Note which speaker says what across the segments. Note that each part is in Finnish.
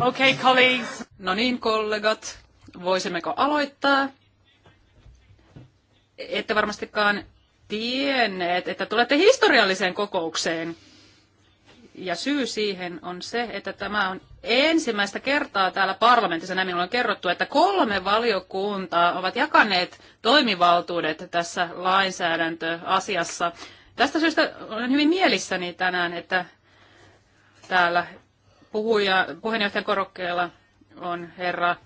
Speaker 1: Okay, colleagues. No niin, kollegat, voisimmeko aloittaa? Ette varmastikaan tienneet, että tulette historialliseen kokoukseen. Ja syy siihen on se, että tämä on ensimmäistä kertaa täällä parlamentissa, näin minulle on kerrottu, että kolme valiokuntaa ovat jakaneet toimivaltuudet tässä lainsäädäntöasiassa. Tästä syystä olen hyvin mielissäni tänään, että täällä puhuja puheenjohtajan korokkeella on herra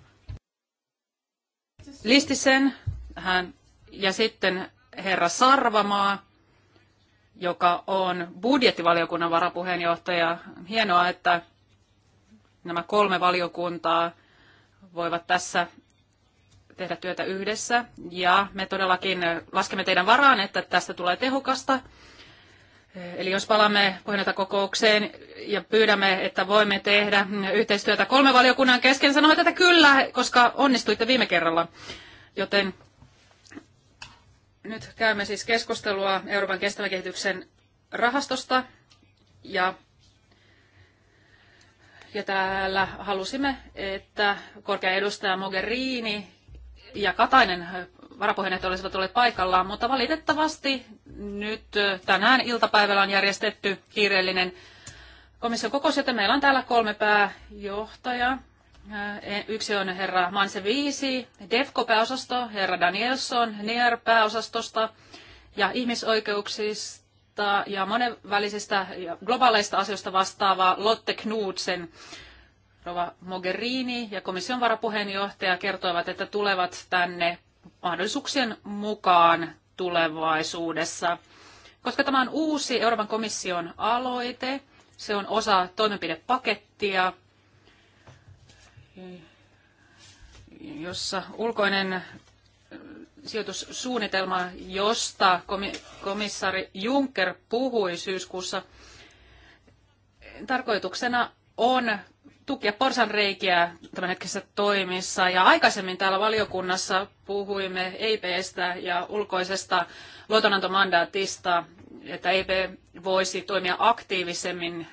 Speaker 1: Listisen hän, ja sitten herra Sarvamaa, joka on budjettivaliokunnan varapuheenjohtaja. Hienoa, että nämä kolme valiokuntaa voivat tässä tehdä työtä yhdessä. Ja me todellakin laskemme teidän varaan, että tästä tulee tehokasta Eli jos palaamme kokoukseen ja pyydämme, että voimme tehdä yhteistyötä kolme valiokunnan kesken, sanomme tätä kyllä, koska onnistuitte viime kerralla. Joten nyt käymme siis keskustelua Euroopan kestävän kehityksen rahastosta ja, ja täällä halusimme, että korkea edustaja Mogherini ja Katainen varapuheenjohtajat olisivat olleet paikallaan, mutta valitettavasti nyt tänään iltapäivällä on järjestetty kiireellinen komission kokous, joten meillä on täällä kolme pääjohtajaa. E, yksi on herra Manse Viisi, DEFCO-pääosasto, herra Danielson, NER-pääosastosta ja ihmisoikeuksista ja monenvälisistä ja globaaleista asioista vastaava Lotte Knudsen. Rova Mogherini ja komission varapuheenjohtaja kertoivat, että tulevat tänne mahdollisuuksien mukaan tulevaisuudessa. Koska tämä on uusi Euroopan komission aloite, se on osa toimenpidepakettia, jossa ulkoinen äh, sijoitussuunnitelma, josta komissaari Juncker puhui syyskuussa, tarkoituksena on tukia porsanreikiä hetkessä toimissa. Ja aikaisemmin täällä valiokunnassa puhuimme EIPstä ja ulkoisesta luotonantomandaatista, että EIP voisi toimia aktiivisemmin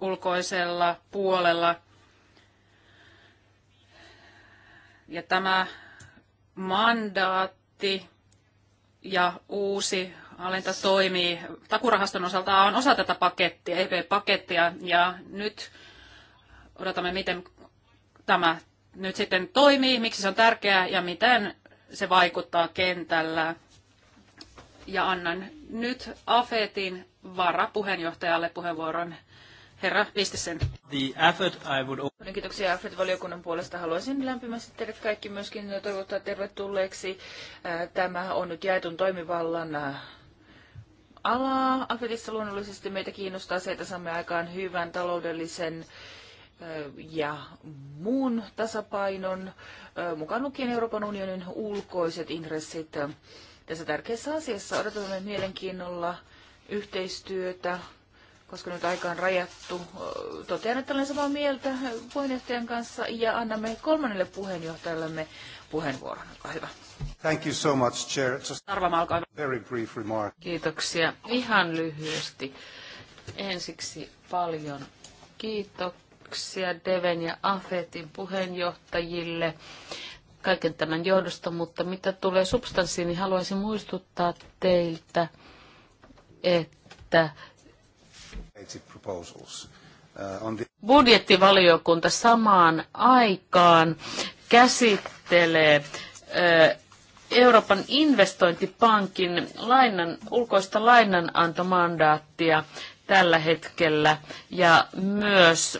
Speaker 1: ulkoisella puolella. Ja tämä mandaatti ja uusi alenta toimii takurahaston osalta on osa tätä pakettia, EP-pakettia, ja nyt odotamme, miten tämä nyt sitten toimii, miksi se on tärkeää ja miten se vaikuttaa kentällä. Ja annan nyt AFETin
Speaker 2: varapuheenjohtajalle puheenvuoron. Herra Vistisen. The effort I would... Kiitoksia AFET-valiokunnan puolesta. Haluaisin lämpimästi teidät kaikki myöskin toivottaa tervetulleeksi. Äh, tämä on nyt jaetun toimivallan äh, alaa. Afetissa luonnollisesti meitä kiinnostaa se, että saamme aikaan hyvän taloudellisen ja muun tasapainon, mukaan lukien Euroopan unionin ulkoiset intressit tässä tärkeässä asiassa. Odotamme mielenkiinnolla yhteistyötä, koska nyt aika on rajattu. Totean, että olen samaa mieltä puheenjohtajan kanssa ja annamme kolmannelle puheenjohtajallemme puheenvuoron. Olkaa hyvä.
Speaker 1: Thank you so much, Chair. Just Arvama, Very brief remark.
Speaker 2: Kiitoksia. Ihan lyhyesti.
Speaker 3: Ensiksi paljon kiitoksia kiitoksia Deven ja Afetin puheenjohtajille kaiken tämän johdosta, mutta mitä tulee substanssiin, niin haluaisin muistuttaa teiltä, että budjettivaliokunta samaan aikaan käsittelee Euroopan investointipankin lainan, ulkoista lainanantomandaattia tällä hetkellä ja myös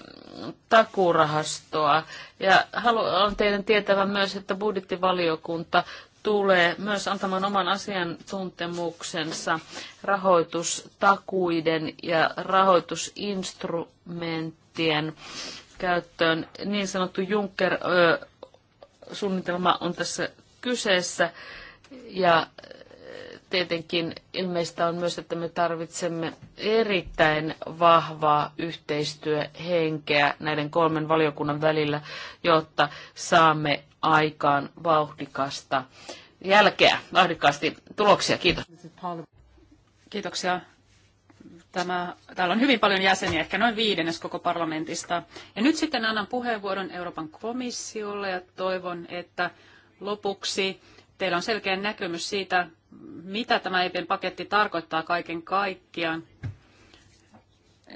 Speaker 3: takurahastoa. Ja haluan teidän tietävän myös, että budjettivaliokunta tulee myös antamaan oman asiantuntemuksensa rahoitustakuiden ja rahoitusinstrumenttien käyttöön. Niin sanottu Juncker-suunnitelma on tässä kyseessä ja tietenkin ilmeistä on myös, että me tarvitsemme erittäin vahvaa yhteistyöhenkeä näiden kolmen valiokunnan välillä, jotta saamme aikaan vauhdikasta jälkeä, vauhdikkaasti tuloksia. Kiitos. Kiitoksia.
Speaker 1: Tämä, täällä on hyvin paljon jäseniä, ehkä noin viidennes koko parlamentista. Ja nyt sitten annan puheenvuoron Euroopan komissiolle ja toivon, että lopuksi teillä on selkeä näkemys siitä, mitä tämä EPn paketti tarkoittaa kaiken kaikkiaan.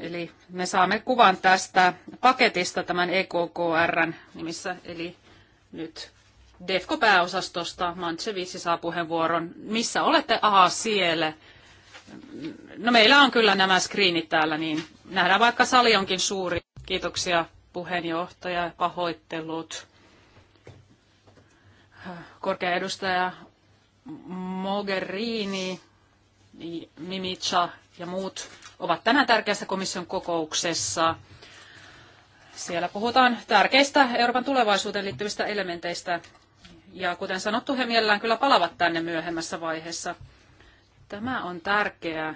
Speaker 1: Eli me saamme kuvan tästä paketista tämän EKKRn nimissä, eli nyt DEFCO-pääosastosta Mantsevitsi saa puheenvuoron. Missä olette? Aha, siellä. No meillä on kyllä nämä screenit täällä, niin nähdään vaikka sali onkin suuri. Kiitoksia puheenjohtaja, pahoittelut. Korkea edustaja Mogherini, Mimica ja muut ovat tänään tärkeässä komission kokouksessa. Siellä puhutaan tärkeistä Euroopan tulevaisuuteen liittyvistä elementeistä. Ja kuten sanottu, he mielellään kyllä palavat tänne myöhemmässä vaiheessa. Tämä on tärkeä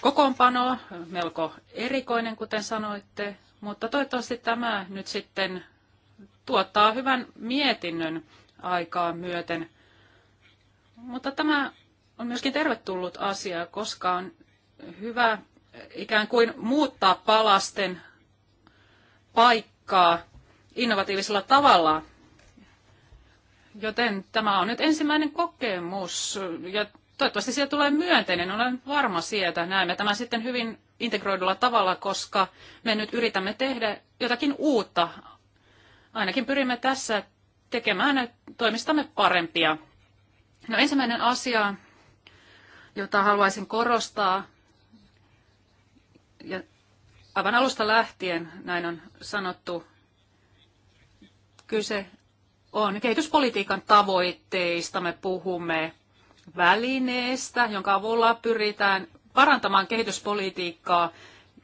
Speaker 1: kokoonpano, melko erikoinen, kuten sanoitte, mutta toivottavasti tämä nyt sitten tuottaa hyvän mietinnön aikaa myöten. Mutta tämä on myöskin tervetullut asia, koska on hyvä ikään kuin muuttaa palasten paikkaa innovatiivisella tavalla. Joten tämä on nyt ensimmäinen kokemus ja toivottavasti siitä tulee myönteinen. Olen varma siitä. Näemme tämän sitten hyvin integroidulla tavalla, koska me nyt yritämme tehdä jotakin uutta. Ainakin pyrimme tässä tekemään toimistamme parempia. No ensimmäinen asia, jota haluaisin korostaa, ja aivan alusta lähtien näin on sanottu, kyse on kehityspolitiikan tavoitteista. Me puhumme välineestä, jonka avulla pyritään parantamaan kehityspolitiikkaa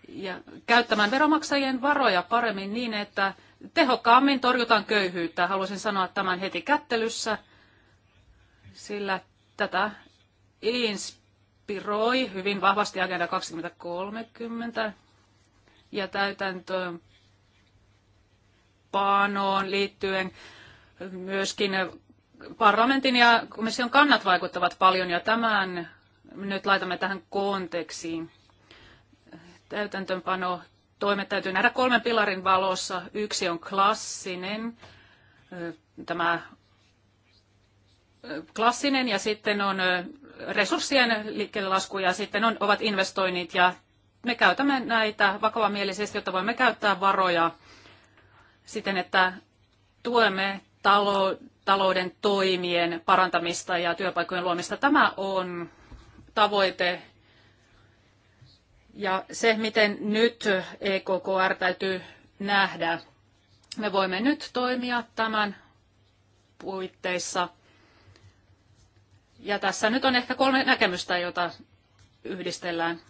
Speaker 1: ja käyttämään veromaksajien varoja paremmin niin, että tehokkaammin torjutaan köyhyyttä. Haluaisin sanoa tämän heti kättelyssä – sillä tätä inspiroi hyvin vahvasti Agenda 2030 ja täytäntöön panoon liittyen myöskin parlamentin ja komission kannat vaikuttavat paljon ja tämän nyt laitamme tähän kontekstiin. Täytäntöönpano toimet täytyy nähdä kolmen pilarin valossa. Yksi on klassinen, tämä klassinen ja sitten on resurssien liikkeelle lasku ja sitten on, ovat investoinnit ja me käytämme näitä vakavamielisesti, jotta voimme käyttää varoja siten, että tuemme talo, talouden toimien parantamista ja työpaikkojen luomista. Tämä on tavoite ja se, miten nyt EKKR täytyy nähdä. Me voimme nyt toimia tämän puitteissa – ja tässä nyt on ehkä kolme näkemystä, jota yhdistellään.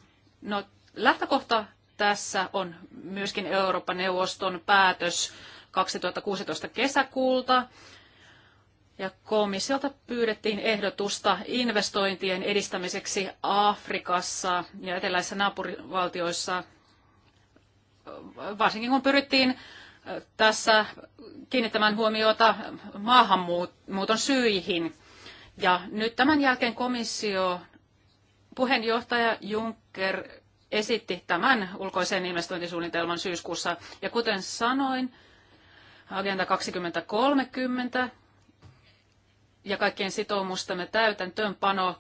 Speaker 1: No, lähtökohta tässä on myöskin Euroopan neuvoston päätös 2016 kesäkuulta. Ja komissiolta pyydettiin ehdotusta investointien edistämiseksi Afrikassa ja eteläisissä naapurivaltioissa, varsinkin kun pyrittiin tässä kiinnittämään huomiota maahanmuuton syihin. Ja nyt tämän jälkeen komissio, puheenjohtaja Juncker esitti tämän ulkoisen investointisuunnitelman syyskuussa. Ja kuten sanoin, Agenda 2030 ja kaikkien sitoumustamme täytäntöönpano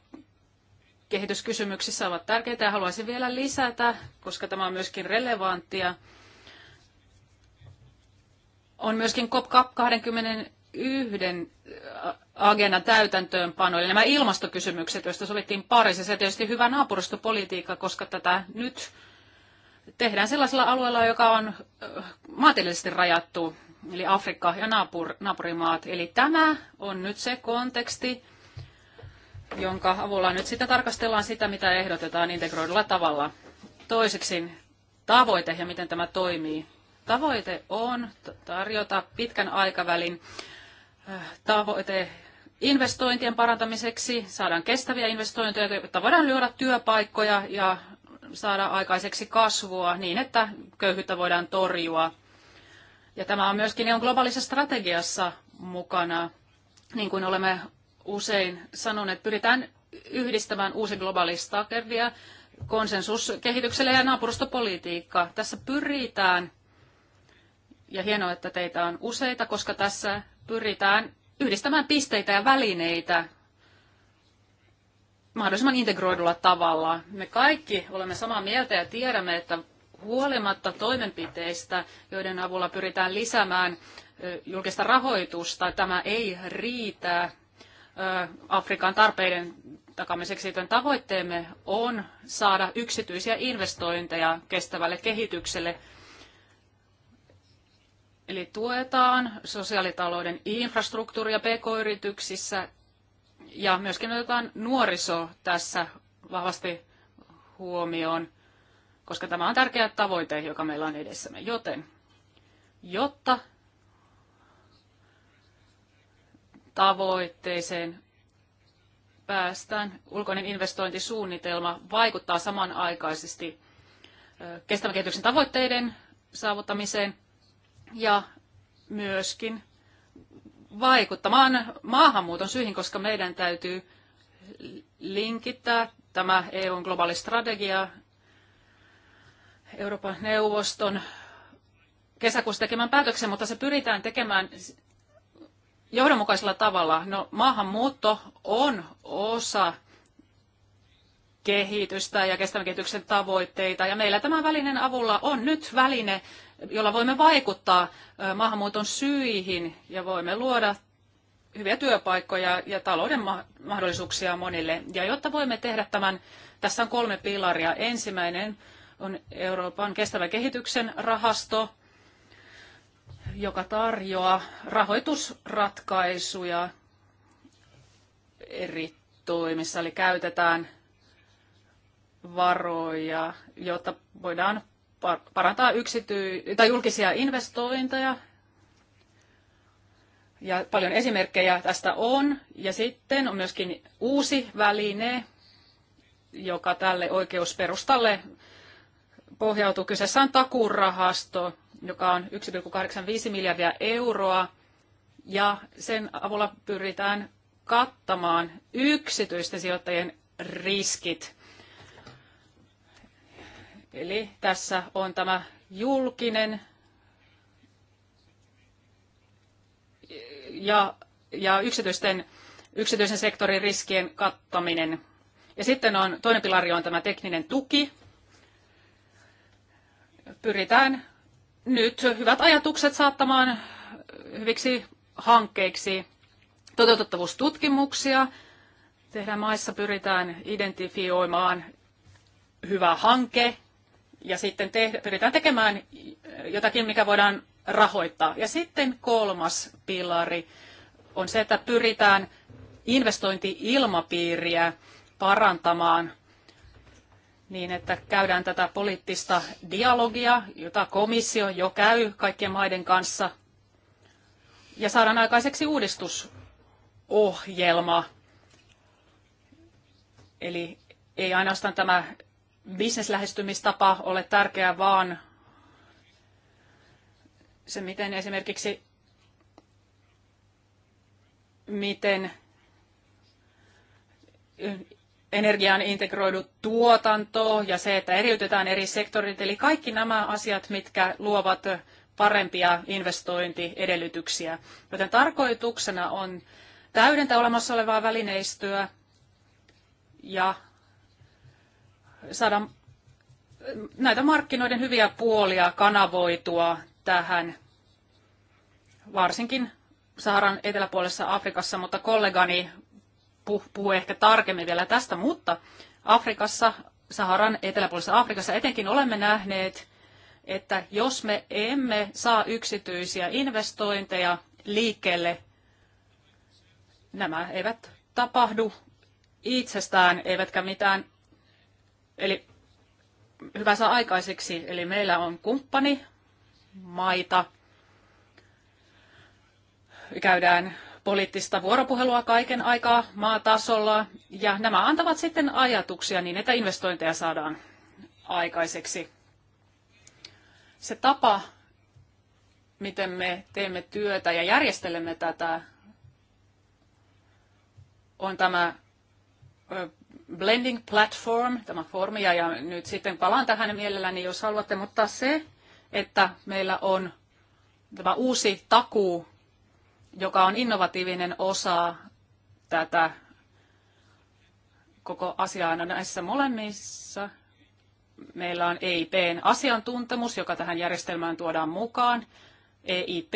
Speaker 1: kehityskysymyksissä ovat tärkeitä ja haluaisin vielä lisätä, koska tämä on myöskin relevanttia. On myöskin COP21 agendan täytäntöönpano, eli nämä ilmastokysymykset, joista sovittiin Pariisissa, se tietysti hyvä naapuristopolitiikka, koska tätä nyt tehdään sellaisella alueella, joka on maantieteellisesti rajattu, eli Afrikka ja naapur, naapurimaat. Eli tämä on nyt se konteksti, jonka avulla nyt sitä tarkastellaan sitä, mitä ehdotetaan integroidulla tavalla. Toiseksi tavoite ja miten tämä toimii. Tavoite on tarjota pitkän aikavälin tavoite investointien parantamiseksi, saadaan kestäviä investointeja, jotta voidaan lyödä työpaikkoja ja saada aikaiseksi kasvua niin, että köyhyyttä voidaan torjua. Ja tämä on myöskin on globaalissa strategiassa mukana, niin kuin olemme usein sanoneet, pyritään yhdistämään uusi globaali strategia, konsensus kehitykselle ja naapurustopolitiikka. Tässä pyritään, ja hienoa, että teitä on useita, koska tässä pyritään yhdistämään pisteitä ja välineitä mahdollisimman integroidulla tavalla. Me kaikki olemme samaa mieltä ja tiedämme, että huolimatta toimenpiteistä, joiden avulla pyritään lisäämään julkista rahoitusta, tämä ei riitä Afrikan tarpeiden takamiseksi, joten tavoitteemme on saada yksityisiä investointeja kestävälle kehitykselle Eli tuetaan sosiaalitalouden infrastruktuuria pk-yrityksissä ja myöskin otetaan nuoriso tässä vahvasti huomioon, koska tämä on tärkeä tavoite, joka meillä on edessämme. Joten, jotta tavoitteeseen päästään, ulkoinen investointisuunnitelma vaikuttaa samanaikaisesti kestävän kehityksen tavoitteiden saavuttamiseen – ja myöskin vaikuttamaan maahanmuuton syihin, koska meidän täytyy linkittää tämä EUn globaali strategia Euroopan neuvoston kesäkuussa tekemään päätöksen, mutta se pyritään tekemään johdonmukaisella tavalla. No, maahanmuutto on osa kehitystä ja kestävän kehityksen tavoitteita, ja meillä tämän välinen avulla on nyt väline, jolla voimme vaikuttaa maahanmuuton syihin ja voimme luoda hyviä työpaikkoja ja talouden mahdollisuuksia monille. Ja jotta voimme tehdä tämän, tässä on kolme pilaria. Ensimmäinen on Euroopan kestävän kehityksen rahasto, joka tarjoaa rahoitusratkaisuja eri toimissa, eli käytetään varoja, jotta voidaan parantaa yksity- tai julkisia investointeja. Ja paljon esimerkkejä tästä on. Ja sitten on myöskin uusi väline, joka tälle oikeusperustalle pohjautuu. Kyseessä on takuurahasto, joka on 1,85 miljardia euroa. Ja sen avulla pyritään kattamaan yksityisten sijoittajien riskit – Eli tässä on tämä julkinen ja, ja yksityisten, yksityisen sektorin riskien kattaminen. Ja sitten on, toinen pilari on tämä tekninen tuki. Pyritään nyt hyvät ajatukset saattamaan hyviksi hankkeiksi toteutettavuustutkimuksia. Tehdään maissa pyritään identifioimaan hyvä hanke ja sitten tehdä, pyritään tekemään jotakin, mikä voidaan rahoittaa. Ja sitten kolmas pilari on se, että pyritään investointi ilmapiiriä parantamaan niin, että käydään tätä poliittista dialogia, jota komissio jo käy kaikkien maiden kanssa, ja saadaan aikaiseksi uudistusohjelma. Eli ei ainoastaan tämä bisneslähestymistapa ole tärkeä, vaan se, miten esimerkiksi miten energiaan integroidut tuotanto ja se, että eriytetään eri sektorit. Eli kaikki nämä asiat, mitkä luovat parempia investointiedellytyksiä. Joten tarkoituksena on täydentää olemassa olevaa välineistöä ja saada näitä markkinoiden hyviä puolia kanavoitua tähän, varsinkin Saharan eteläpuolessa Afrikassa, mutta kollegani puhuu ehkä tarkemmin vielä tästä, mutta Afrikassa, Saharan eteläpuolessa Afrikassa etenkin olemme nähneet, että jos me emme saa yksityisiä investointeja liikkeelle, nämä eivät tapahdu itsestään, eivätkä mitään Eli hyvä saa aikaiseksi. Eli meillä on kumppani, maita, käydään poliittista vuoropuhelua kaiken aikaa maatasolla, ja nämä antavat sitten ajatuksia niin, että investointeja saadaan aikaiseksi. Se tapa, miten me teemme työtä ja järjestelemme tätä, on tämä Blending Platform, tämä formia, ja nyt sitten palaan tähän mielelläni, jos haluatte, mutta se, että meillä on tämä uusi takuu, joka on innovatiivinen osa tätä koko asiaa. No näissä molemmissa meillä on EIPn asiantuntemus, joka tähän järjestelmään tuodaan mukaan. EIP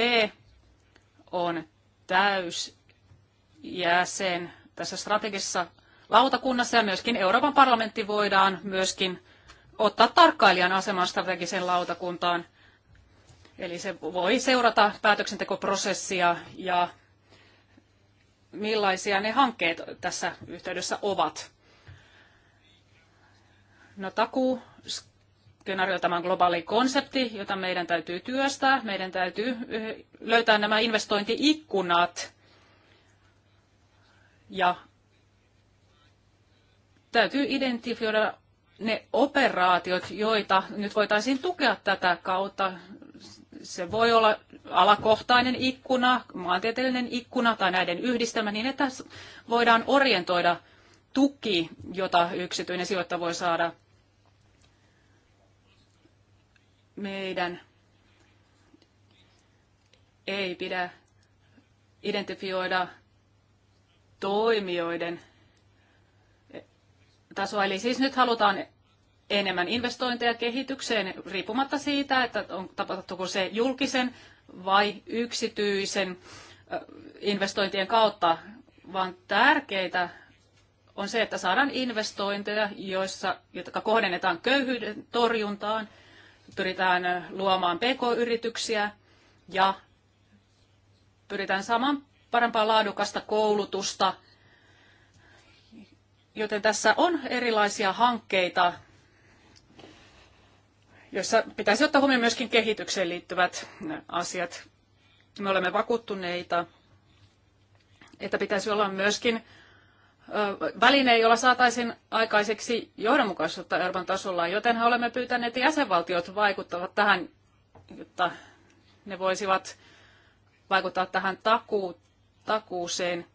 Speaker 1: on täysjäsen tässä strategisessa lautakunnassa ja myöskin Euroopan parlamentti voidaan myöskin ottaa tarkkailijan aseman strategiseen lautakuntaan. Eli se voi seurata päätöksentekoprosessia ja millaisia ne hankkeet tässä yhteydessä ovat. No takuu skenaario, tämä on globaali konsepti, jota meidän täytyy työstää. Meidän täytyy eh, löytää nämä investointiikkunat ja täytyy identifioida ne operaatiot, joita nyt voitaisiin tukea tätä kautta. Se voi olla alakohtainen ikkuna, maantieteellinen ikkuna tai näiden yhdistelmä niin, että voidaan orientoida tuki, jota yksityinen sijoittaja voi saada meidän ei pidä identifioida toimijoiden tasoa. Eli siis nyt halutaan enemmän investointeja kehitykseen riippumatta siitä, että on tapahtuuko se julkisen vai yksityisen investointien kautta, vaan tärkeitä on se, että saadaan investointeja, joissa, jotka kohdennetaan köyhyyden torjuntaan, pyritään luomaan pk-yrityksiä ja pyritään saamaan parempaa laadukasta koulutusta Joten tässä on erilaisia hankkeita, joissa pitäisi ottaa huomioon myöskin kehitykseen liittyvät asiat. Me olemme vakuuttuneita, että pitäisi olla myöskin väline, jolla saataisiin aikaiseksi johdonmukaisuutta Euroopan tasolla, joten olemme pyytäneet, että jäsenvaltiot vaikuttavat tähän, jotta ne voisivat vaikuttaa tähän takuu, takuuseen.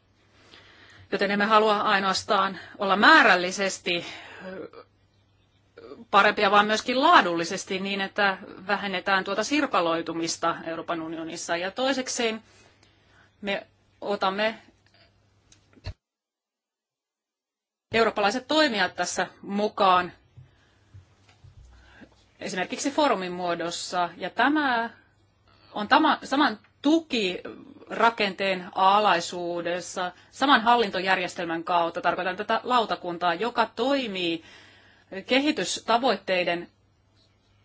Speaker 1: Joten emme halua ainoastaan olla määrällisesti parempia, vaan myöskin laadullisesti niin, että vähennetään tuota sirpaloitumista Euroopan unionissa. Ja toiseksi me otamme eurooppalaiset toimijat tässä mukaan esimerkiksi foorumin muodossa. Ja tämä on tämän, saman tukirakenteen alaisuudessa saman hallintojärjestelmän kautta, tarkoitan tätä lautakuntaa, joka toimii kehitystavoitteiden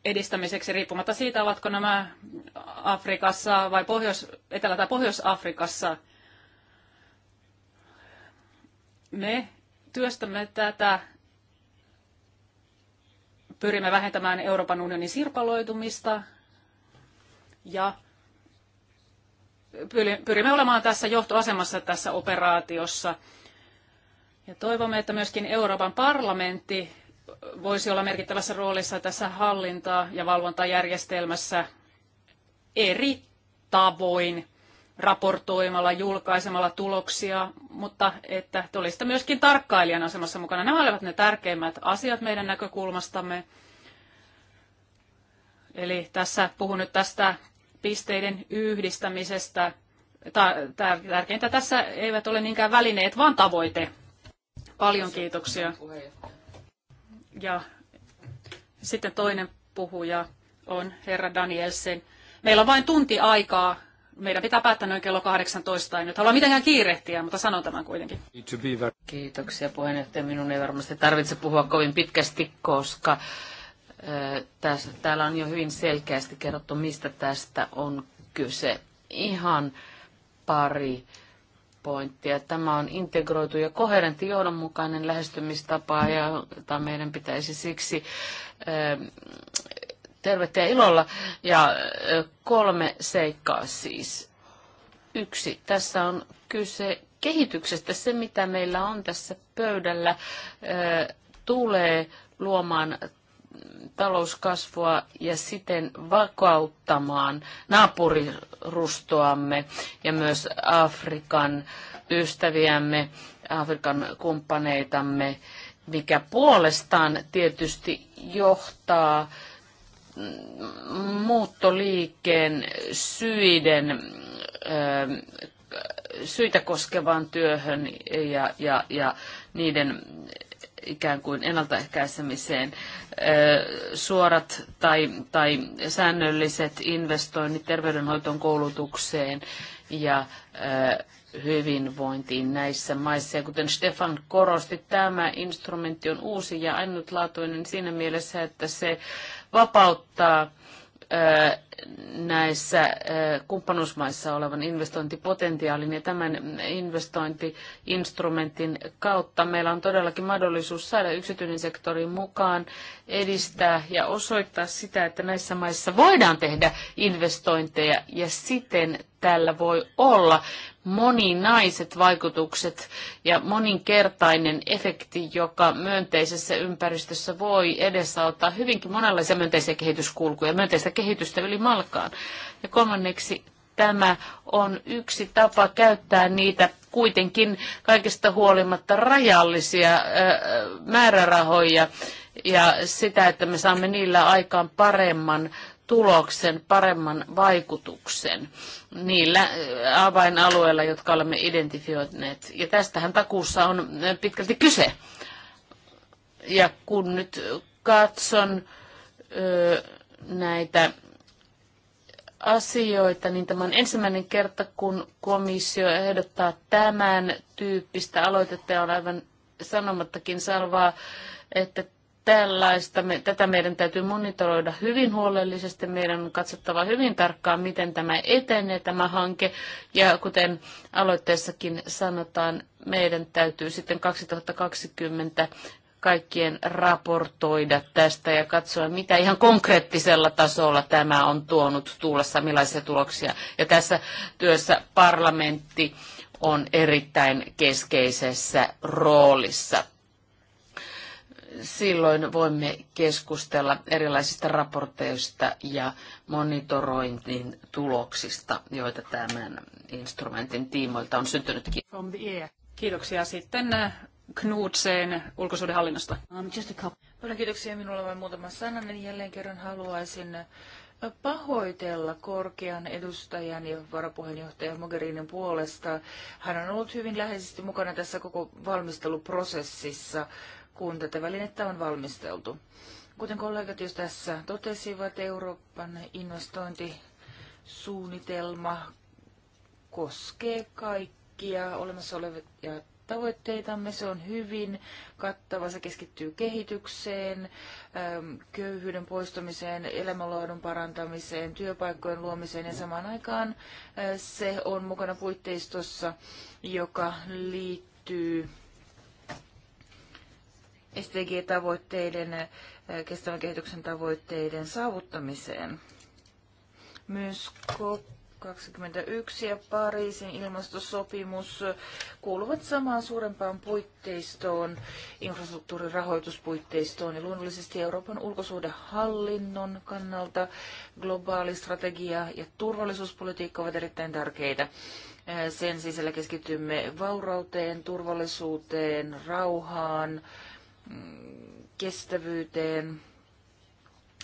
Speaker 1: edistämiseksi riippumatta siitä, ovatko nämä Afrikassa vai Pohjois, Etelä- tai Pohjois-Afrikassa. Me työstämme tätä, pyrimme vähentämään Euroopan unionin sirpaloitumista ja pyrimme olemaan tässä johtoasemassa tässä operaatiossa. Ja toivomme, että myöskin Euroopan parlamentti voisi olla merkittävässä roolissa tässä hallinta- ja valvontajärjestelmässä eri tavoin raportoimalla, julkaisemalla tuloksia, mutta että te olisitte myöskin tarkkailijan asemassa mukana. Nämä olivat ne tärkeimmät asiat meidän näkökulmastamme. Eli tässä puhun nyt tästä pisteiden yhdistämisestä. Tärkeintä tässä eivät ole niinkään välineet, vaan tavoite. Paljon kiitoksia. Ja sitten toinen puhuja on herra Danielsen. Meillä on vain tunti aikaa. Meidän pitää päättää noin kello 18. En nyt halua mitenkään kiirehtiä, mutta sanon tämän kuitenkin.
Speaker 3: Kiitoksia puheenjohtaja. Minun ei varmasti tarvitse puhua kovin pitkästi, koska tässä, täällä on jo hyvin selkeästi kerrottu, mistä tästä on kyse. Ihan pari pointtia. Tämä on integroitu ja koherentti johdonmukainen lähestymistapa, ja jota meidän pitäisi siksi ähm, tervehtiä ilolla. Ja äh, kolme seikkaa siis. Yksi. Tässä on kyse kehityksestä. Se, mitä meillä on tässä pöydällä, äh, tulee luomaan talouskasvua ja siten vakauttamaan naapurirustoamme ja myös Afrikan ystäviämme, Afrikan kumppaneitamme, mikä puolestaan tietysti johtaa muuttoliikkeen syiden, ähm, syitä koskevaan työhön ja, ja, ja niiden ikään kuin ennaltaehkäisemiseen. Suorat tai, tai säännölliset investoinnit terveydenhoitoon, koulutukseen ja hyvinvointiin näissä maissa. Ja kuten Stefan korosti, tämä instrumentti on uusi ja ainutlaatuinen siinä mielessä, että se vapauttaa näissä kumppanuusmaissa olevan investointipotentiaalin ja tämän investointiinstrumentin kautta meillä on todellakin mahdollisuus saada yksityinen sektori mukaan, edistää ja osoittaa sitä, että näissä maissa voidaan tehdä investointeja ja siten tällä voi olla moninaiset vaikutukset ja moninkertainen efekti, joka myönteisessä ympäristössä voi edesauttaa hyvinkin monenlaisia myönteisiä kehityskulkuja, myönteistä kehitystä yli malkaan. Ja kolmanneksi tämä on yksi tapa käyttää niitä kuitenkin kaikesta huolimatta rajallisia määrärahoja ja sitä, että me saamme niillä aikaan paremman tuloksen, paremman vaikutuksen niillä äh, avainalueilla, jotka olemme identifioineet. Ja tästähän takuussa on äh, pitkälti kyse. Ja kun nyt katson ö, äh, näitä asioita, niin tämä on ensimmäinen kerta, kun komissio ehdottaa tämän tyyppistä aloitetta ja on aivan sanomattakin salvaa, että tällaista. Me, tätä meidän täytyy monitoroida hyvin huolellisesti. Meidän on katsottava hyvin tarkkaan, miten tämä etenee, tämä hanke. Ja kuten aloitteessakin sanotaan, meidän täytyy sitten 2020 kaikkien raportoida tästä ja katsoa, mitä ihan konkreettisella tasolla tämä on tuonut tuulessa, millaisia tuloksia. Ja tässä työssä parlamentti on erittäin keskeisessä roolissa silloin voimme keskustella erilaisista raporteista ja monitoroinnin tuloksista, joita tämän instrumentin tiimoilta on syntynyt. Kiitoksia sitten äh,
Speaker 1: Knudseen ulkosuudenhallinnosta.
Speaker 2: Um, Paljon kiitoksia. Minulla vain muutama sana, niin Jälleen kerran haluaisin äh, pahoitella korkean edustajan ja varapuheenjohtajan Mogherinin puolesta. Hän on ollut hyvin läheisesti mukana tässä koko valmisteluprosessissa kun tätä välinettä on valmisteltu. Kuten kollegat jo tässä totesivat, Euroopan investointisuunnitelma koskee kaikkia olemassa olevia tavoitteitamme. Se on hyvin kattava, se keskittyy kehitykseen, ähm, köyhyyden poistamiseen, elämänlaadun parantamiseen, työpaikkojen luomiseen ja samaan aikaan äh, se on mukana puitteistossa, joka liittyy SDG-tavoitteiden, eh, kestävän kehityksen tavoitteiden saavuttamiseen. Myös COP21 ja Pariisin ilmastosopimus kuuluvat samaan suurempaan puitteistoon, infrastruktuurin rahoituspuitteistoon ja luonnollisesti Euroopan ulkosuhdehallinnon kannalta globaali strategia ja turvallisuuspolitiikka ovat erittäin tärkeitä. Eh, sen sisällä keskitymme vaurauteen, turvallisuuteen, rauhaan, kestävyyteen.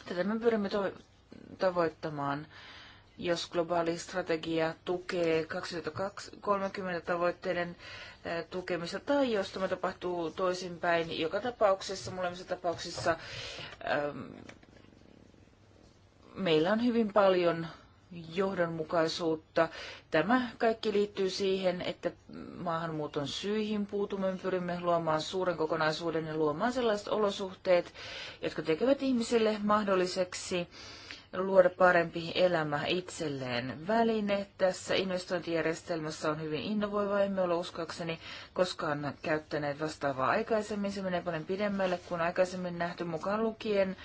Speaker 2: Tätä me pyrimme tavoittamaan, jos globaali strategia tukee 2030 tavoitteiden tukemista tai jos tämä tapahtuu toisinpäin. Joka tapauksessa, molemmissa tapauksissa, meillä on hyvin paljon johdonmukaisuutta. Tämä kaikki liittyy siihen, että maahanmuuton syihin puutumme pyrimme luomaan suuren kokonaisuuden ja luomaan sellaiset olosuhteet, jotka tekevät ihmisille mahdolliseksi luoda parempi elämä itselleen. Väline tässä investointijärjestelmässä on hyvin innovoiva. Emme ole uskoakseni koskaan käyttäneet vastaavaa aikaisemmin. Se menee paljon pidemmälle kuin aikaisemmin nähty mukaan lukien.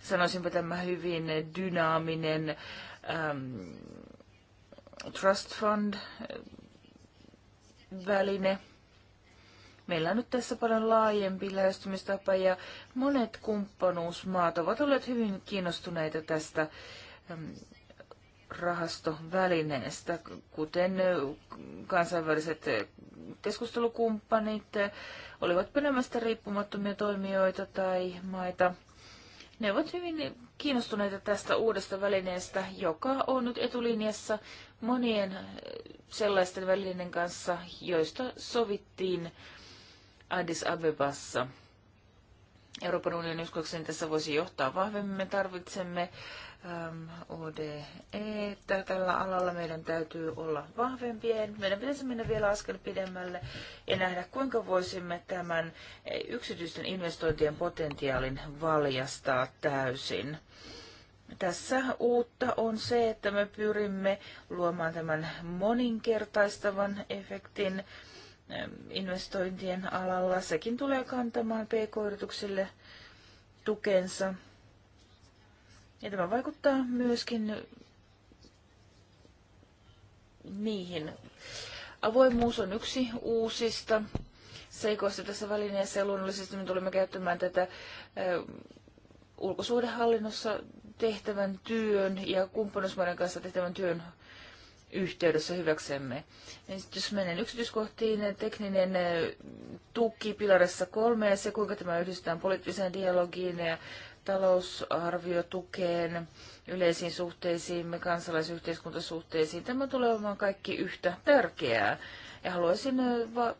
Speaker 2: Sanoisinpa tämä hyvin dynaaminen äm, um, Trust Fund-väline. Uh, Meillä on nyt tässä paljon laajempi lähestymistapa ja monet kumppanuusmaat ovat olleet hyvin kiinnostuneita tästä um, rahastovälineestä, kuten uh, kansainväliset uh, keskustelukumppanit olivat penemästä riippumattomia toimijoita tai maita – ne ovat hyvin kiinnostuneita tästä uudesta välineestä, joka on nyt etulinjassa monien eh, sellaisten välineiden kanssa, joista sovittiin Addis Abebassa. Euroopan unionin uskokseni tässä voisi johtaa vahvemmin. Me tarvitsemme Ähm, ODE. Tällä alalla meidän täytyy olla vahvempia. Meidän pitäisi mennä vielä askel pidemmälle ja nähdä, kuinka voisimme tämän eh, yksityisten investointien potentiaalin valjastaa täysin. Tässä uutta on se, että me pyrimme luomaan tämän moninkertaistavan efektin investointien alalla. Sekin tulee kantamaan pk-yrityksille tukensa. Ja tämä vaikuttaa myöskin niihin. Avoimuus on yksi uusista seikoista tässä välineessä ja luonnollisesti me tulemme käyttämään tätä ulkosuhdehallinnossa tehtävän työn ja kumppanuusmaiden kanssa tehtävän työn yhteydessä hyväksemme. Jos menen yksityiskohtiin, tekninen tuki pilarissa kolme ja se, kuinka tämä yhdistetään poliittiseen dialogiin ja talousarviotukeen, yleisiin suhteisiimme, kansalaisyhteiskuntasuhteisiin. Tämä tulee olemaan kaikki yhtä tärkeää. Ja haluaisin va-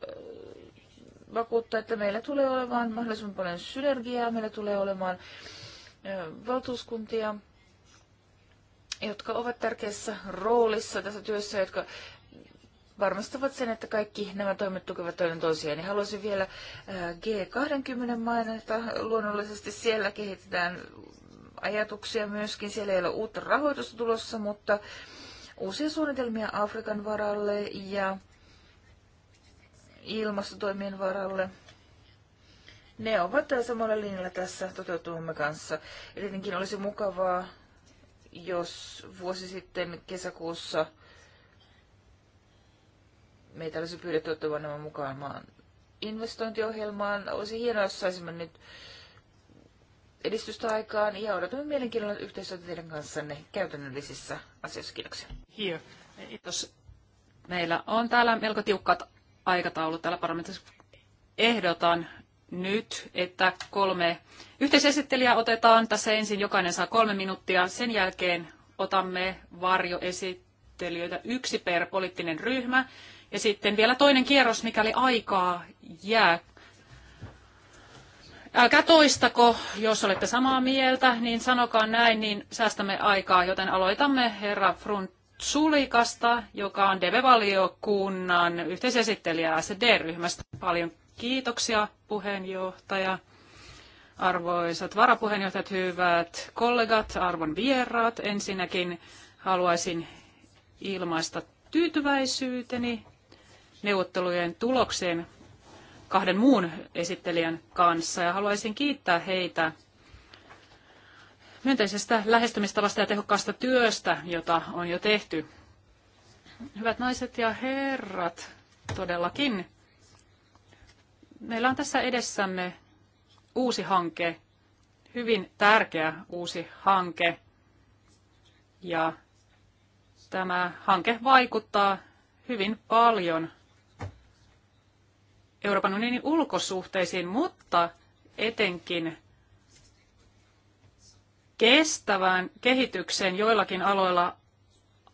Speaker 2: vakuuttaa, että meillä tulee olemaan mahdollisimman paljon synergiaa, meillä tulee olemaan valtuuskuntia, jotka ovat tärkeässä roolissa tässä työssä, jotka varmistavat sen, että kaikki nämä toimet tukevat toinen toisiaan. Niin haluaisin vielä äh, G20 mainita. Luonnollisesti siellä kehitetään ajatuksia myöskin. Siellä ei ole uutta rahoitusta tulossa, mutta uusia suunnitelmia Afrikan varalle ja ilmastotoimien varalle. Ne ovat samalla linjalla tässä toteutumamme kanssa. Ja tietenkin olisi mukavaa, jos vuosi sitten kesäkuussa – meitä olisi pyydetty ottamaan nämä mukaan maan investointiohjelmaan. Olisi hienoa, jos saisimme nyt edistystä aikaan ja odotamme mielenkiinnolla yhteistyötä teidän kanssanne käytännöllisissä asioissa. Kiitoksia. Kiitos.
Speaker 1: Meillä on täällä melko tiukkat aikataulut täällä parlamentissa. Ehdotan nyt, että kolme yhteisesittelijää otetaan. Tässä ensin jokainen saa kolme minuuttia. Sen jälkeen otamme varjoesittelijöitä yksi per poliittinen ryhmä. Ja sitten vielä toinen kierros, mikäli aikaa jää. Älkää toistako, jos olette samaa mieltä, niin sanokaa näin, niin säästämme aikaa, joten aloitamme herra Frunzulikasta, joka on DV-valiokunnan yhteisesittelijä SD-ryhmästä. Paljon kiitoksia puheenjohtaja. Arvoisat varapuheenjohtajat, hyvät kollegat, arvon vieraat, ensinnäkin haluaisin ilmaista tyytyväisyyteni neuvottelujen tulokseen kahden muun esittelijän kanssa ja haluaisin kiittää heitä myönteisestä lähestymistavasta ja tehokkaasta työstä, jota on jo tehty. Hyvät naiset ja herrat, todellakin. Meillä on tässä edessämme uusi hanke, hyvin tärkeä uusi hanke. Ja tämä hanke vaikuttaa hyvin paljon Euroopan unionin ulkosuhteisiin, mutta etenkin kestävään kehitykseen joillakin aloilla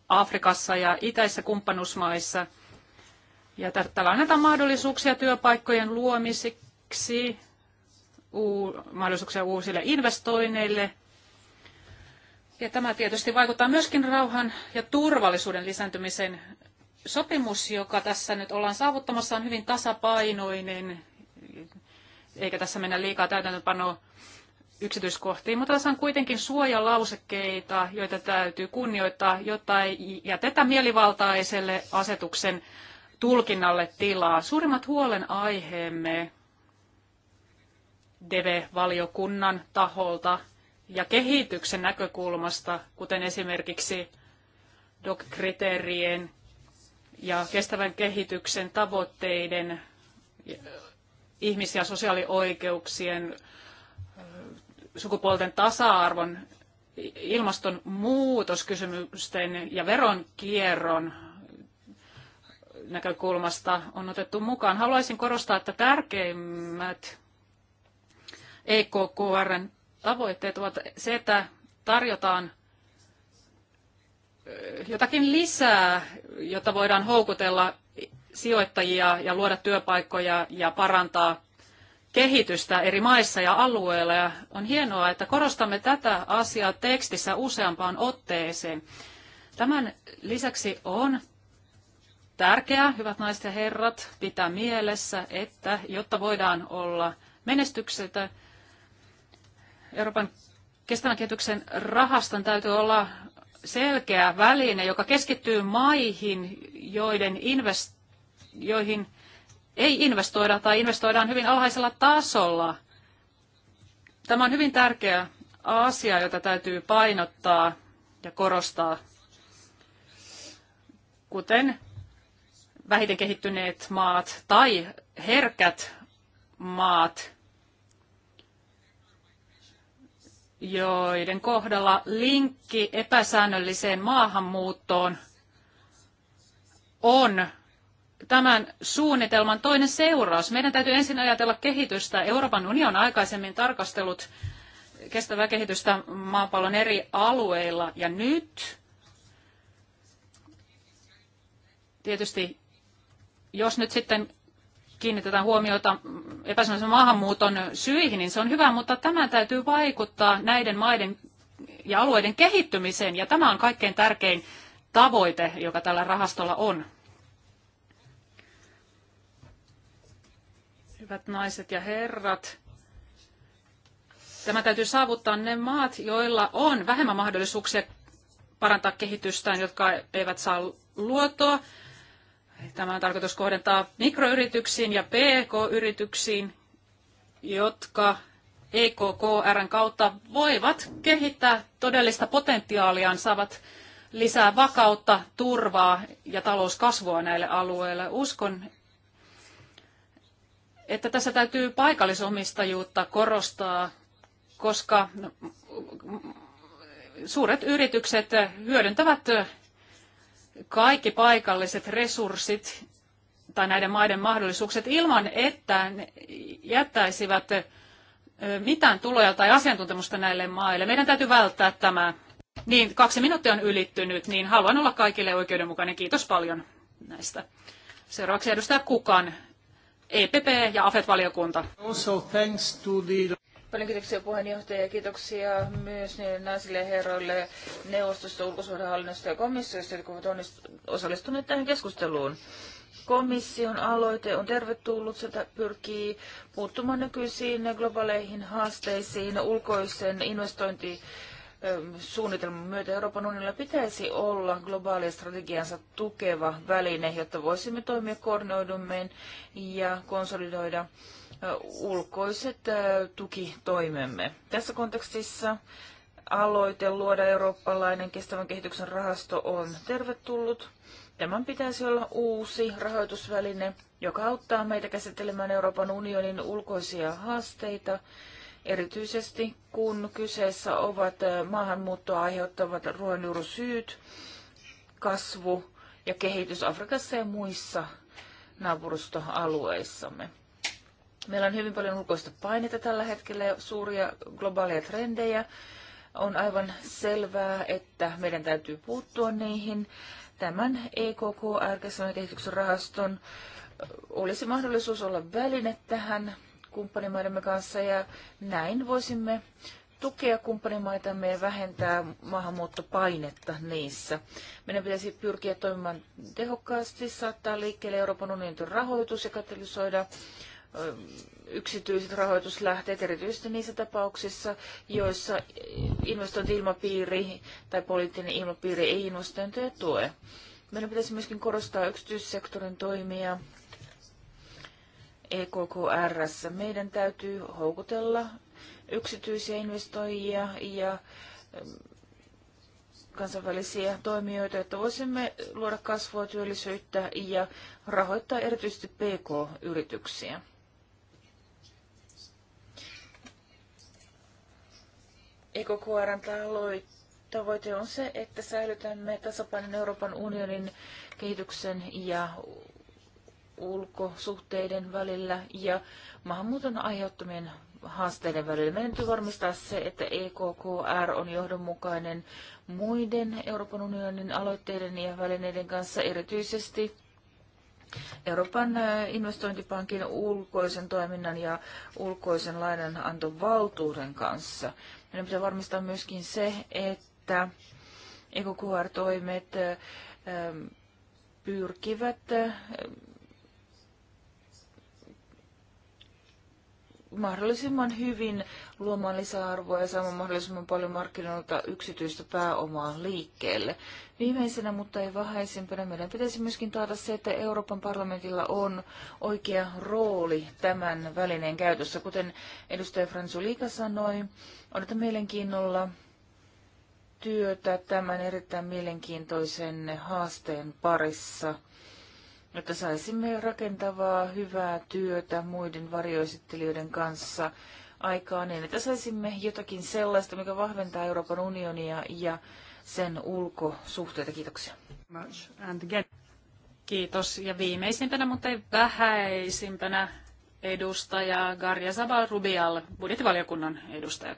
Speaker 1: Afrikassa ja itäisissä kumppanuusmaissa. Ja tällä annetaan mahdollisuuksia työpaikkojen luomiseksi, mahdollisuuksia uusille investoinneille. Ja tämä tietysti vaikuttaa myöskin rauhan ja turvallisuuden lisääntymiseen sopimus, joka tässä nyt ollaan saavuttamassa, on hyvin tasapainoinen, eikä tässä mennä liikaa täytäntöpanoa yksityiskohtiin, mutta tässä on kuitenkin suojalausekkeita, joita täytyy kunnioittaa, jotta ei jätetä mielivaltaiselle asetuksen tulkinnalle tilaa. Suurimmat huolenaiheemme DEVE-valiokunnan taholta ja kehityksen näkökulmasta, kuten esimerkiksi DOC-kriteerien ja kestävän kehityksen tavoitteiden, ihmis- ja sosiaalioikeuksien, sukupuolten tasa-arvon, ilmastonmuutoskysymysten ja veronkierron näkökulmasta on otettu mukaan. Haluaisin korostaa, että tärkeimmät EKKRn tavoitteet ovat se, että tarjotaan jotakin lisää, jotta voidaan houkutella sijoittajia ja luoda työpaikkoja ja parantaa kehitystä eri maissa ja alueilla. Ja on hienoa, että korostamme tätä asiaa tekstissä useampaan otteeseen. Tämän lisäksi on tärkeää, hyvät naiset ja herrat, pitää mielessä, että jotta voidaan olla menestyksetä, Euroopan kestävän kehityksen rahaston täytyy olla selkeä väline, joka keskittyy maihin, joiden invest, joihin ei investoida tai investoidaan hyvin alhaisella tasolla. Tämä on hyvin tärkeä asia, jota täytyy painottaa ja korostaa, kuten vähiten kehittyneet maat tai herkät maat joiden kohdalla linkki epäsäännölliseen maahanmuuttoon on tämän suunnitelman toinen seuraus. Meidän täytyy ensin ajatella kehitystä. Euroopan unioni on aikaisemmin tarkastellut kestävää kehitystä maapallon eri alueilla. Ja nyt tietysti, jos nyt sitten kiinnitetään huomiota epäsuoisen maahanmuuton syihin, niin se on hyvä, mutta tämä täytyy vaikuttaa näiden maiden ja alueiden kehittymiseen, ja tämä on kaikkein tärkein tavoite, joka tällä rahastolla on. Hyvät naiset ja herrat, tämä täytyy saavuttaa ne maat, joilla on vähemmän mahdollisuuksia parantaa kehitystään, jotka eivät saa luottoa, Tämä on tarkoitus kohdentaa mikroyrityksiin ja PK-yrityksiin, jotka EKKRn kautta voivat kehittää todellista potentiaaliaan, saavat lisää vakautta, turvaa ja talouskasvua näille alueille. Uskon, että tässä täytyy paikallisomistajuutta korostaa, koska suuret yritykset hyödyntävät kaikki paikalliset resurssit tai näiden maiden mahdollisuukset ilman, että ne jättäisivät mitään tuloja tai asiantuntemusta näille maille. Meidän täytyy välttää tämä. Niin, kaksi minuuttia on ylittynyt, niin haluan olla kaikille oikeudenmukainen. Kiitos paljon näistä. Seuraavaksi edustaja Kukan, EPP ja AFET-valiokunta.
Speaker 2: Also thanks to the... Paljon kiitoksia puheenjohtaja ja kiitoksia myös niille naisille ja herroille neuvostosta, ulkosuhdehallinnosta ja komissiosta, jotka ovat osallistuneet tähän keskusteluun. Komission aloite on tervetullut, se pyrkii puuttumaan nykyisiin globaaleihin haasteisiin. Ulkoisen investointisuunnitelman ähm, myötä Euroopan unionilla pitäisi olla globaali strategiansa tukeva väline, jotta voisimme toimia koordinoidummin ja konsolidoida ulkoiset tukitoimemme. Tässä kontekstissa aloite luoda eurooppalainen kestävän kehityksen rahasto on tervetullut. Tämän pitäisi olla uusi rahoitusväline, joka auttaa meitä käsittelemään Euroopan unionin ulkoisia haasteita, erityisesti kun kyseessä ovat maahanmuuttoa aiheuttavat ruohonjuurusyyt, kasvu ja kehitys Afrikassa ja muissa naapurustoalueissamme. Meillä on hyvin paljon ulkoista painetta tällä hetkellä ja suuria globaaleja trendejä. On aivan selvää, että meidän täytyy puuttua niihin. Tämän EKK, kestävän kehityksen rahaston, olisi mahdollisuus olla väline tähän kumppanimaidemme kanssa ja näin voisimme tukea kumppanimaitamme ja vähentää maahanmuuttopainetta niissä. Meidän pitäisi pyrkiä toimimaan tehokkaasti, saattaa liikkeelle Euroopan unionin rahoitus ja katalysoida yksityiset rahoituslähteet, erityisesti niissä tapauksissa, joissa investointi-ilmapiiri tai poliittinen ilmapiiri ei investointeja tue. Meidän pitäisi myöskin korostaa yksityissektorin toimia EKKR. Meidän täytyy houkutella yksityisiä investoijia ja ähm, kansainvälisiä toimijoita, että voisimme luoda kasvua, työllisyyttä ja rahoittaa erityisesti PK-yrityksiä. EKKRn tavoite on se, että säilytämme tasapainon Euroopan unionin kehityksen ja ulkosuhteiden välillä ja maahanmuuton aiheuttamien haasteiden välillä. Meidän täytyy varmistaa se, että EKKR on johdonmukainen muiden Euroopan unionin aloitteiden ja välineiden kanssa, erityisesti Euroopan äh, investointipankin ulkoisen toiminnan ja ulkoisen lainanantovaltuuden kanssa. Meidän pitää varmistaa myöskin se, että EQQR-toimet pyrkivät mahdollisimman hyvin luomaan lisäarvoa ja saamaan mahdollisimman paljon markkinoilta yksityistä pääomaa liikkeelle. Viimeisenä, mutta ei vähäisempänä, meidän pitäisi myöskin taata se, että Euroopan parlamentilla on oikea rooli tämän välineen käytössä. Kuten edustaja Liika sanoi, odotan mielenkiinnolla työtä tämän erittäin mielenkiintoisen haasteen parissa, jotta saisimme rakentavaa, hyvää työtä muiden varjoesittelijöiden kanssa aikaan? niin, että saisimme jotakin sellaista, mikä vahventaa Euroopan unionia ja sen ulkosuhteita. Kiitoksia.
Speaker 1: Kiitos. Ja viimeisimpänä, mutta ei vähäisimpänä, edustaja
Speaker 3: Garja Sabal
Speaker 1: Rubial, budjettivaliokunnan edustaja.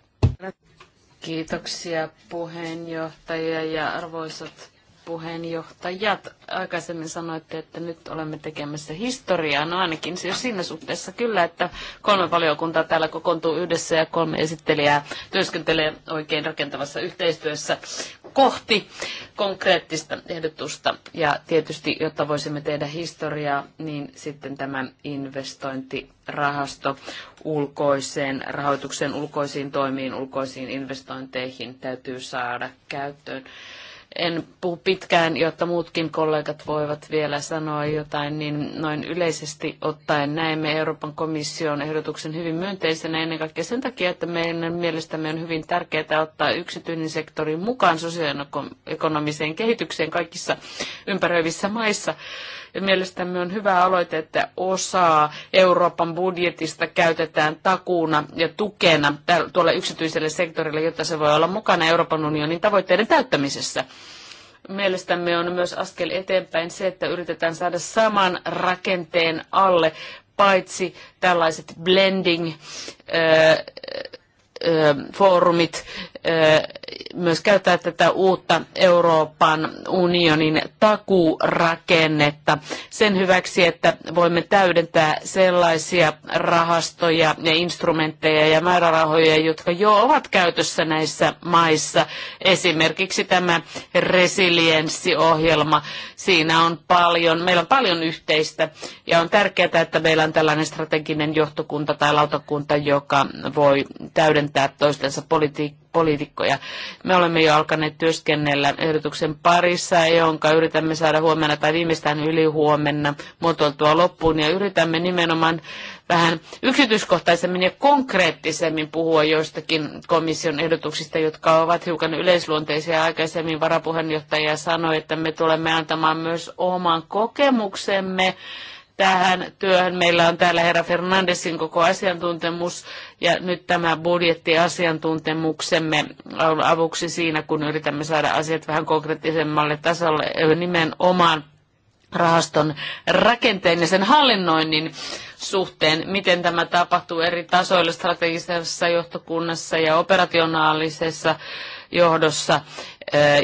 Speaker 3: Kiitoksia puheenjohtaja ja arvoisat puheenjohtajat. Aikaisemmin sanoitte, että nyt olemme tekemässä historiaa. No ainakin siis siinä suhteessa kyllä, että kolme valiokuntaa täällä kokoontuu yhdessä ja kolme esittelijää työskentelee oikein rakentavassa yhteistyössä kohti konkreettista ehdotusta. Ja tietysti, jotta voisimme tehdä historiaa, niin sitten tämä investointirahasto ulkoiseen rahoituksen ulkoisiin toimiin, ulkoisiin investointeihin täytyy saada käyttöön. En puhu pitkään, jotta muutkin kollegat voivat vielä sanoa jotain, niin noin yleisesti ottaen näemme Euroopan komission ehdotuksen hyvin myönteisenä ennen kaikkea sen takia, että meidän mielestämme on hyvin tärkeää ottaa yksityinen sektori mukaan sosioekonomiseen kehitykseen kaikissa ympäröivissä maissa. Ja mielestämme on hyvä aloite, että osaa Euroopan budjetista käytetään takuuna ja tukena tuolla yksityiselle sektorille, jotta se voi olla mukana Euroopan unionin tavoitteiden täyttämisessä mielestämme on myös askel eteenpäin se, että yritetään saada saman rakenteen alle paitsi tällaiset blending foorumit myös käyttää tätä uutta Euroopan unionin takuurakennetta sen hyväksi, että voimme täydentää sellaisia rahastoja ja instrumentteja ja määrärahoja, jotka jo ovat käytössä näissä maissa. Esimerkiksi tämä resilienssiohjelma, siinä on paljon, meillä on paljon yhteistä ja on tärkeää, että meillä on tällainen strateginen johtokunta tai lautakunta, joka voi täydentää toistensa politiikkaa poliitikkoja. Me olemme jo alkaneet työskennellä ehdotuksen parissa, jonka yritämme saada huomenna tai viimeistään ylihuomenna muotoiltua loppuun. Ja yritämme nimenomaan vähän yksityiskohtaisemmin ja konkreettisemmin puhua joistakin komission ehdotuksista, jotka ovat hiukan yleisluonteisia. Aikaisemmin varapuheenjohtaja sanoi, että me tulemme antamaan myös oman kokemuksemme tähän työhön. Meillä on täällä herra Fernandesin koko asiantuntemus ja nyt tämä budjettiasiantuntemuksemme on avuksi siinä, kun yritämme saada asiat vähän konkreettisemmalle tasolle nimenomaan rahaston rakenteen ja sen hallinnoinnin suhteen, miten tämä tapahtuu eri tasoilla strategisessa johtokunnassa ja operationaalisessa johdossa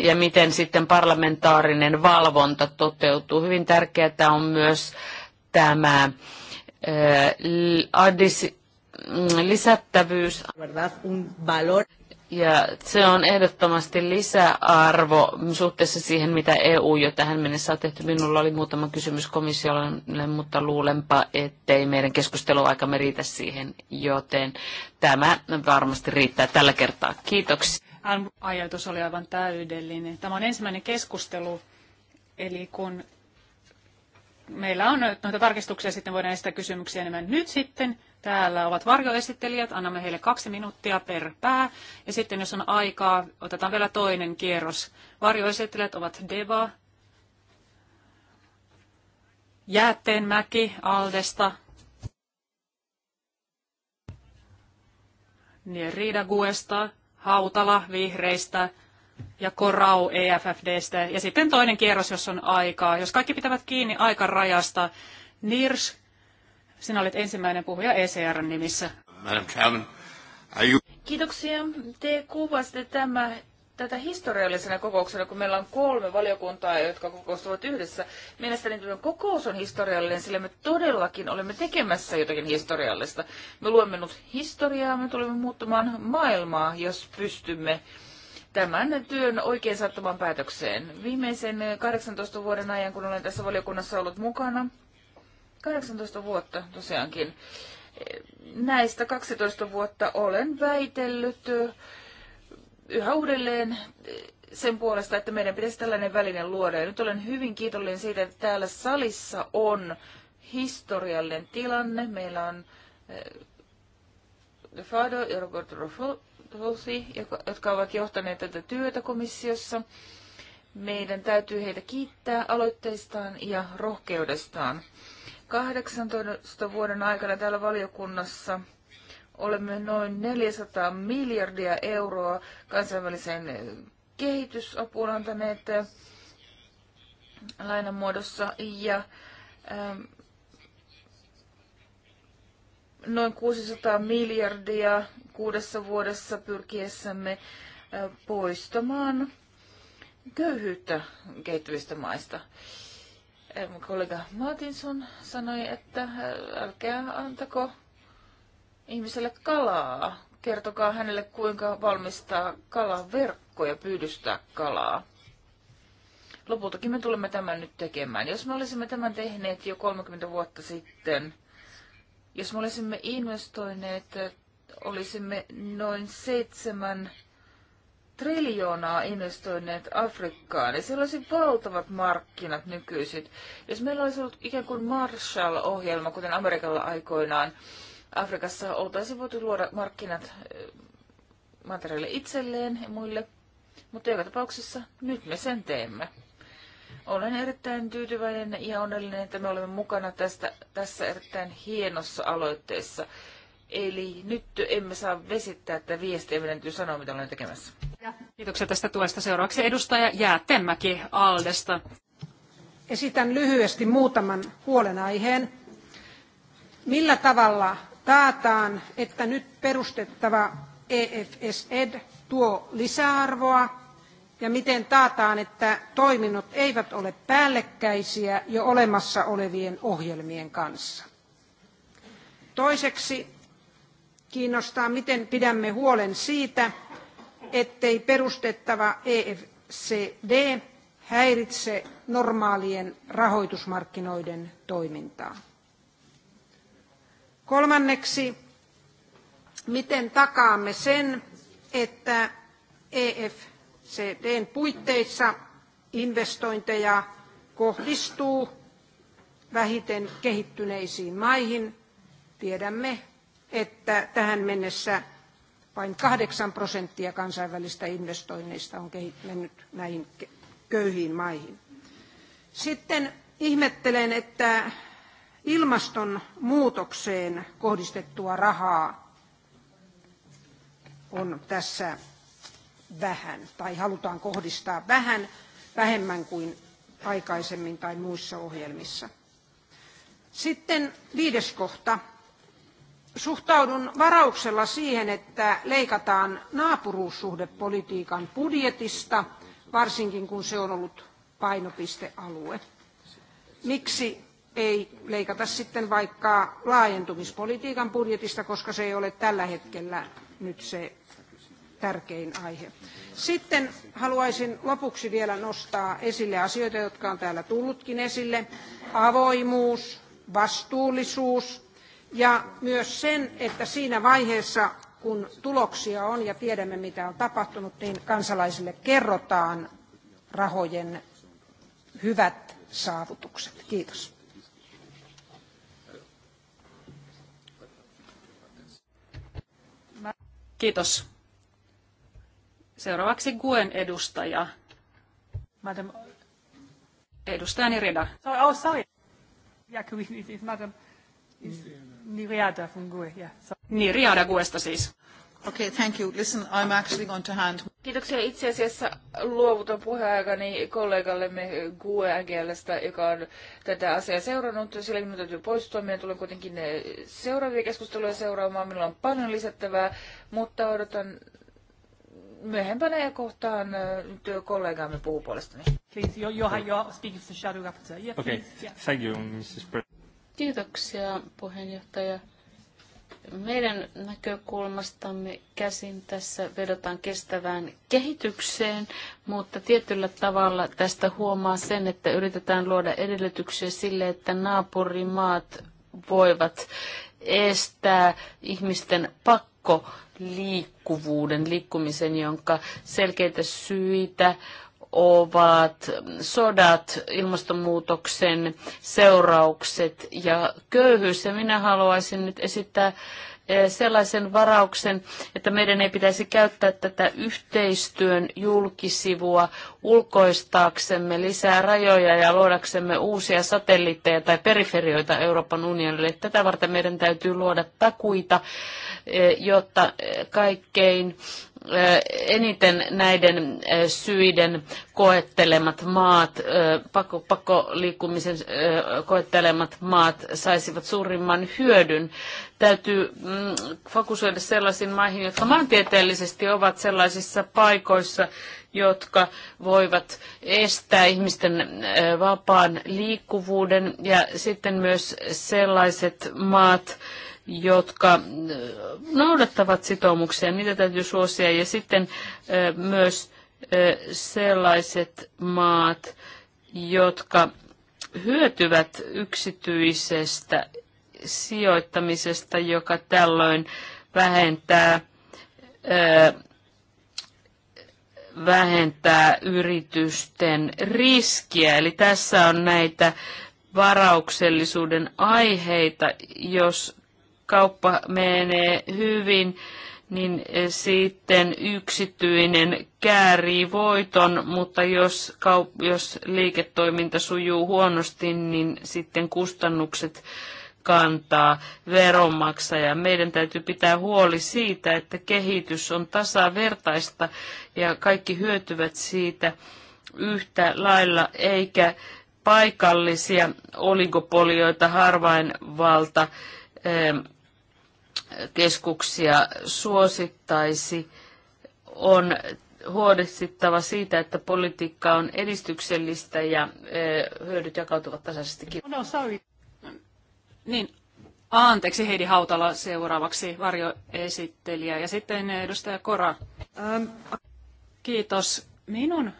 Speaker 3: ja miten sitten parlamentaarinen valvonta toteutuu. Hyvin tärkeää on myös tämä addis, lisättävyys. Ja se on ehdottomasti lisäarvo suhteessa siihen, mitä EU jo tähän mennessä on tehty. Minulla oli muutama kysymys komissiolle, mutta luulenpa, ettei meidän keskusteluaikamme riitä siihen, joten tämä varmasti riittää tällä kertaa. Kiitoksia.
Speaker 1: Ajatus oli aivan täydellinen. Tämä on ensimmäinen keskustelu, eli kun meillä on noita tarkistuksia, sitten voidaan esittää kysymyksiä enemmän. Nyt sitten täällä ovat varjoesittelijät, annamme heille kaksi minuuttia per pää. Ja sitten jos on aikaa, otetaan vielä toinen kierros. Varjoesittelijät ovat Deva, Jäätteenmäki Aldesta, Riida Guesta, Hautala Vihreistä, ja Korau EFFDstä. Ja sitten toinen kierros, jos on aikaa. Jos kaikki pitävät kiinni aikarajasta, Nirs, sinä olet ensimmäinen puhuja ECRn nimissä.
Speaker 4: Madam Chairman,
Speaker 2: Kiitoksia. Te kuvasitte tämä, tätä historiallisena kokouksena, kun meillä on kolme valiokuntaa, jotka kokoustuvat yhdessä. Mielestäni tämä kokous on historiallinen, sillä me todellakin olemme tekemässä jotakin historiallista. Me luemme nyt historiaa, me tulemme muuttamaan maailmaa, jos pystymme tämän työn oikein sattuman päätökseen. Viimeisen 18 vuoden ajan, kun olen tässä valiokunnassa ollut mukana, 18 vuotta tosiaankin, näistä 12 vuotta olen väitellyt yhä uudelleen sen puolesta, että meidän pitäisi tällainen väline luoda. Ja nyt olen hyvin kiitollinen siitä, että täällä salissa on historiallinen tilanne. Meillä on De eh, Fado ja Roberto Ruffo Rosi, jotka ovat johtaneet tätä työtä komissiossa. Meidän täytyy heitä kiittää aloitteistaan ja rohkeudestaan. 18 vuoden aikana täällä valiokunnassa olemme noin 400 miljardia euroa kansainväliseen kehitysapuun antaneet äh, lainan muodossa ja ähm, noin 600 miljardia kuudessa vuodessa pyrkiessämme poistamaan köyhyyttä kehittyvistä maista. Kollega Martinson sanoi, että älkää antako ihmiselle kalaa. Kertokaa hänelle, kuinka valmistaa kalaverkko ja pyydystää kalaa. Lopultakin me tulemme tämän nyt tekemään. Jos me olisimme tämän tehneet jo 30 vuotta sitten, jos me olisimme investoineet, olisimme noin seitsemän triljoonaa investoineet Afrikkaan, ja niin siellä olisi valtavat markkinat nykyiset. Jos meillä olisi ollut ikään kuin Marshall-ohjelma, kuten Amerikalla aikoinaan, Afrikassa oltaisiin voitu luoda markkinat eh, materiaalille itselleen ja muille, mutta joka tapauksessa nyt me sen teemme. Olen erittäin tyytyväinen ja onnellinen, että me olemme mukana tästä, tässä erittäin hienossa aloitteessa. Eli nyt emme saa vesittää tätä viestiä, meidän täytyy sanoa, mitä olen tekemässä. Kiitoksia
Speaker 1: tästä tuesta. Seuraavaksi edustaja Jäätemäki Aldesta.
Speaker 4: Esitän lyhyesti muutaman huolenaiheen. Millä tavalla taataan, että nyt perustettava EFSED tuo lisäarvoa ja miten taataan, että toiminnot eivät ole päällekkäisiä jo olemassa olevien ohjelmien kanssa. Toiseksi kiinnostaa, miten pidämme huolen siitä, ettei perustettava EFCD häiritse normaalien rahoitusmarkkinoiden toimintaa. Kolmanneksi, miten takaamme sen, että EFCD CDn puitteissa investointeja kohdistuu vähiten kehittyneisiin maihin. Tiedämme, että tähän mennessä vain 8 prosenttia kansainvälistä investoinneista on mennyt näihin köyhiin maihin. Sitten ihmettelen, että ilmastonmuutokseen kohdistettua rahaa on tässä vähän tai halutaan kohdistaa vähän vähemmän kuin aikaisemmin tai muissa ohjelmissa. Sitten viides kohta. Suhtaudun varauksella siihen, että leikataan naapuruussuhdepolitiikan budjetista, varsinkin kun se on ollut painopistealue. Miksi ei leikata sitten vaikka laajentumispolitiikan budjetista, koska se ei ole tällä hetkellä nyt se tärkein aihe. Sitten haluaisin lopuksi vielä nostaa esille asioita, jotka on täällä tullutkin esille. Avoimuus, vastuullisuus ja myös sen, että siinä vaiheessa, kun tuloksia on ja tiedämme, mitä on tapahtunut, niin kansalaisille kerrotaan rahojen hyvät saavutukset. Kiitos.
Speaker 1: Kiitos. Seuraavaksi Guen edustaja. Madam. Edustaja Nirida. Sorry, oh, sorry. Yeah, can we, it's madam. It's Niriada from Gue, yeah. Sorry. Niriada Guesta siis. Okay, thank you. Listen, I'm actually going to hand...
Speaker 2: Kiitoksia. Itse asiassa luovutan puheaikani kollegallemme Gue Angelasta, joka on tätä asiaa seurannut. Sillä minun täytyy poistua. Minä tulen kuitenkin eh, seuraavia keskusteluja seuraamaan. Minulla on paljon lisättävää, mutta odotan myöhempänä kohtaan nyt kollegaamme puhuu puolestani. Please, you're, you're,
Speaker 3: you're speaking to the shadow rapporteur.
Speaker 2: Yeah,
Speaker 1: okay.
Speaker 3: yeah. Thank you, Mrs. Pre- Kiitoksia, puheenjohtaja. Meidän näkökulmastamme käsin tässä vedotaan kestävään kehitykseen, mutta tietyllä tavalla tästä huomaa sen, että yritetään luoda edellytyksiä sille, että naapurimaat voivat estää ihmisten pakko liikkuvuuden, liikkumisen, jonka selkeitä syitä ovat sodat, ilmastonmuutoksen seuraukset ja köyhyys. Ja minä haluaisin nyt esittää Eh, sellaisen varauksen, että meidän ei pitäisi käyttää tätä yhteistyön julkisivua ulkoistaaksemme lisää rajoja ja luodaksemme uusia satelliitteja tai periferioita Euroopan unionille. Tätä varten meidän täytyy luoda takuita, eh, jotta eh, kaikkein eniten näiden syiden koettelemat maat, pakko, pakkoliikkumisen koettelemat maat saisivat suurimman hyödyn. Täytyy mm, fokusoida sellaisiin maihin, jotka maantieteellisesti ovat sellaisissa paikoissa, jotka voivat estää ihmisten vapaan liikkuvuuden ja sitten myös sellaiset maat, jotka äh, noudattavat sitoumuksia, niitä täytyy suosia. Ja sitten äh, myös äh, sellaiset maat, jotka hyötyvät yksityisestä sijoittamisesta, joka tällöin vähentää, vähentää yritysten riskiä. Eli tässä on näitä varauksellisuuden aiheita, jos kauppa menee hyvin, niin sitten yksityinen käärii voiton, mutta jos, kaup- jos liiketoiminta sujuu huonosti, niin sitten kustannukset kantaa veronmaksaja. Meidän täytyy pitää huoli siitä, että kehitys on tasavertaista ja kaikki hyötyvät siitä yhtä lailla, eikä paikallisia oligopolioita harvainvalta keskuksia suosittaisi, on huolehdittava siitä, että politiikka on edistyksellistä ja hyödyt jakautuvat tasaisesti. No, no, Niin, anteeksi Heidi Hautala seuraavaksi
Speaker 1: varjoesittelijä ja sitten edustaja Kora. Um. Kiitos. Minun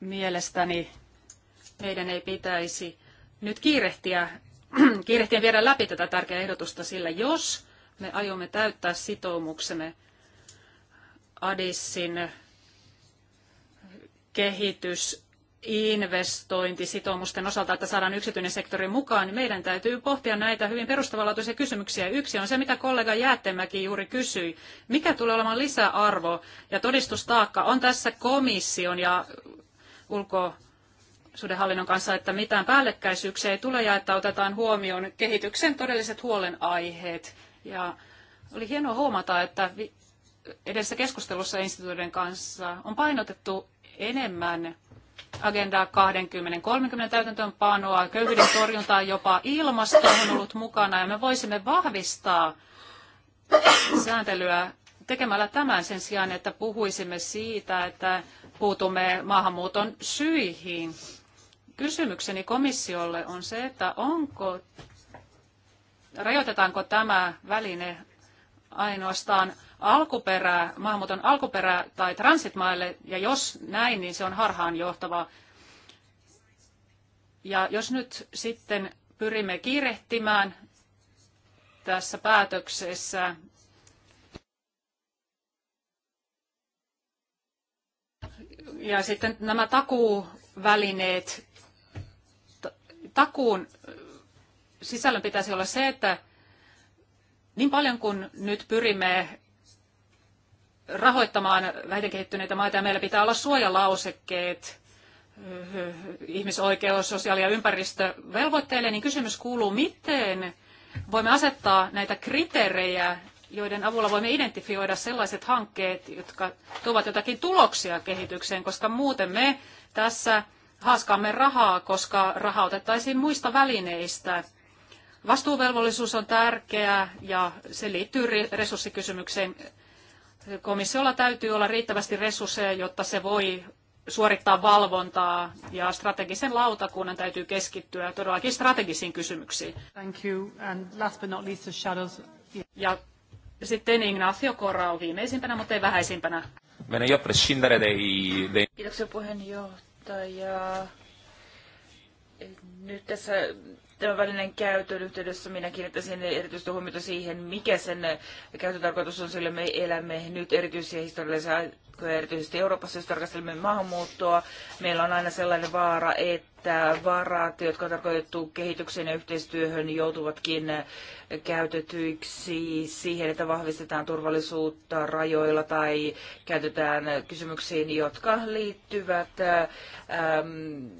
Speaker 1: mielestäni meidän ei pitäisi nyt kiirehtiä, kiirehtiä viedä läpi tätä tärkeää ehdotusta, sillä jos me aiomme täyttää sitoumuksemme Adissin kehitys investointisitoumusten osalta, että saadaan yksityinen sektori mukaan, niin meidän täytyy pohtia näitä hyvin perustavanlaatuisia kysymyksiä. Yksi on se, mitä kollega Jäätemäki juuri kysyi. Mikä tulee olemaan lisäarvo ja todistustaakka on tässä komission ja ulko hallinnon kanssa, että mitään päällekkäisyyksiä ei tule ja että otetaan huomioon kehityksen todelliset huolenaiheet. Ja oli hienoa huomata, että edessä keskustelussa instituutioiden kanssa on painotettu enemmän Agenda 2030 täytäntöönpanoa, köyhyyden torjuntaa, jopa ilmasto on ollut mukana ja me voisimme vahvistaa sääntelyä tekemällä tämän sen sijaan, että puhuisimme siitä, että puutumme maahanmuuton syihin. Kysymykseni komissiolle on se, että onko rajoitetaanko tämä väline ainoastaan alkuperää, maahanmuuton alkuperää tai transitmaille, ja jos näin, niin se on harhaanjohtavaa. Ja jos nyt sitten pyrimme kiirehtimään tässä päätöksessä, ja sitten nämä takuuvälineet, takuun sisällön pitäisi olla se, että niin paljon kuin nyt pyrimme rahoittamaan vähiten kehittyneitä maita ja meillä pitää olla suojalausekkeet eh, ihmisoikeus, sosiaali- ja ympäristövelvoitteille, niin kysymys kuuluu, miten voimme asettaa näitä kriteerejä, joiden avulla voimme identifioida sellaiset hankkeet, jotka tuovat jotakin tuloksia kehitykseen, koska muuten me tässä haaskaamme rahaa, koska rahaa otettaisiin muista välineistä – Vastuuvelvollisuus on tärkeää ja se liittyy resurssikysymykseen. Komissiolla täytyy olla riittävästi resursseja, jotta se voi suorittaa valvontaa ja strategisen lautakunnan täytyy keskittyä todellakin strategisiin kysymyksiin. Thank you. And last but not least the shadows. Ja sitten Ignacio Corrao viimeisimpänä, mutta ei vähäisimpänä.
Speaker 2: Kiitoksia puheenjohtaja. Nyt tässä tämän välinen käytön yhteydessä minä kiinnittäisin erityistä huomiota siihen, mikä sen käyttötarkoitus on, sillä me elämme nyt erityisiä historiallisia politiikkoja, erityisesti Euroopassa, jos tarkastelemme maahanmuuttoa, meillä on aina sellainen vaara, että varat, jotka on tarkoitettu kehitykseen ja yhteistyöhön, joutuvatkin käytetyiksi siihen, että vahvistetaan turvallisuutta rajoilla tai käytetään kysymyksiin, jotka liittyvät äm,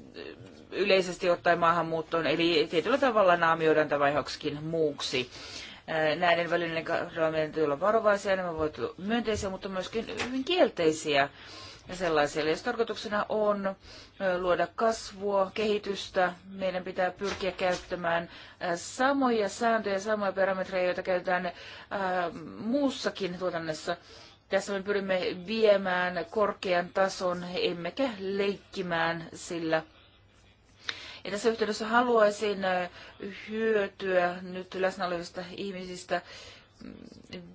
Speaker 2: yleisesti ottaen maahanmuuttoon, eli tietyllä tavalla naamioidaan tämä johonkin muuksi näiden välinen kohdalla meidän olla varovaisia, nämä voivat olla myönteisiä, mutta myöskin hyvin kielteisiä ja sellaisia. Eli jos tarkoituksena on luoda kasvua, kehitystä, meidän pitää pyrkiä käyttämään samoja sääntöjä, samoja parametreja, joita käytetään muussakin tuotannossa. Tässä me pyrimme viemään korkean tason, emmekä leikkimään sillä ja tässä yhteydessä haluaisin hyötyä nyt läsnä olevista ihmisistä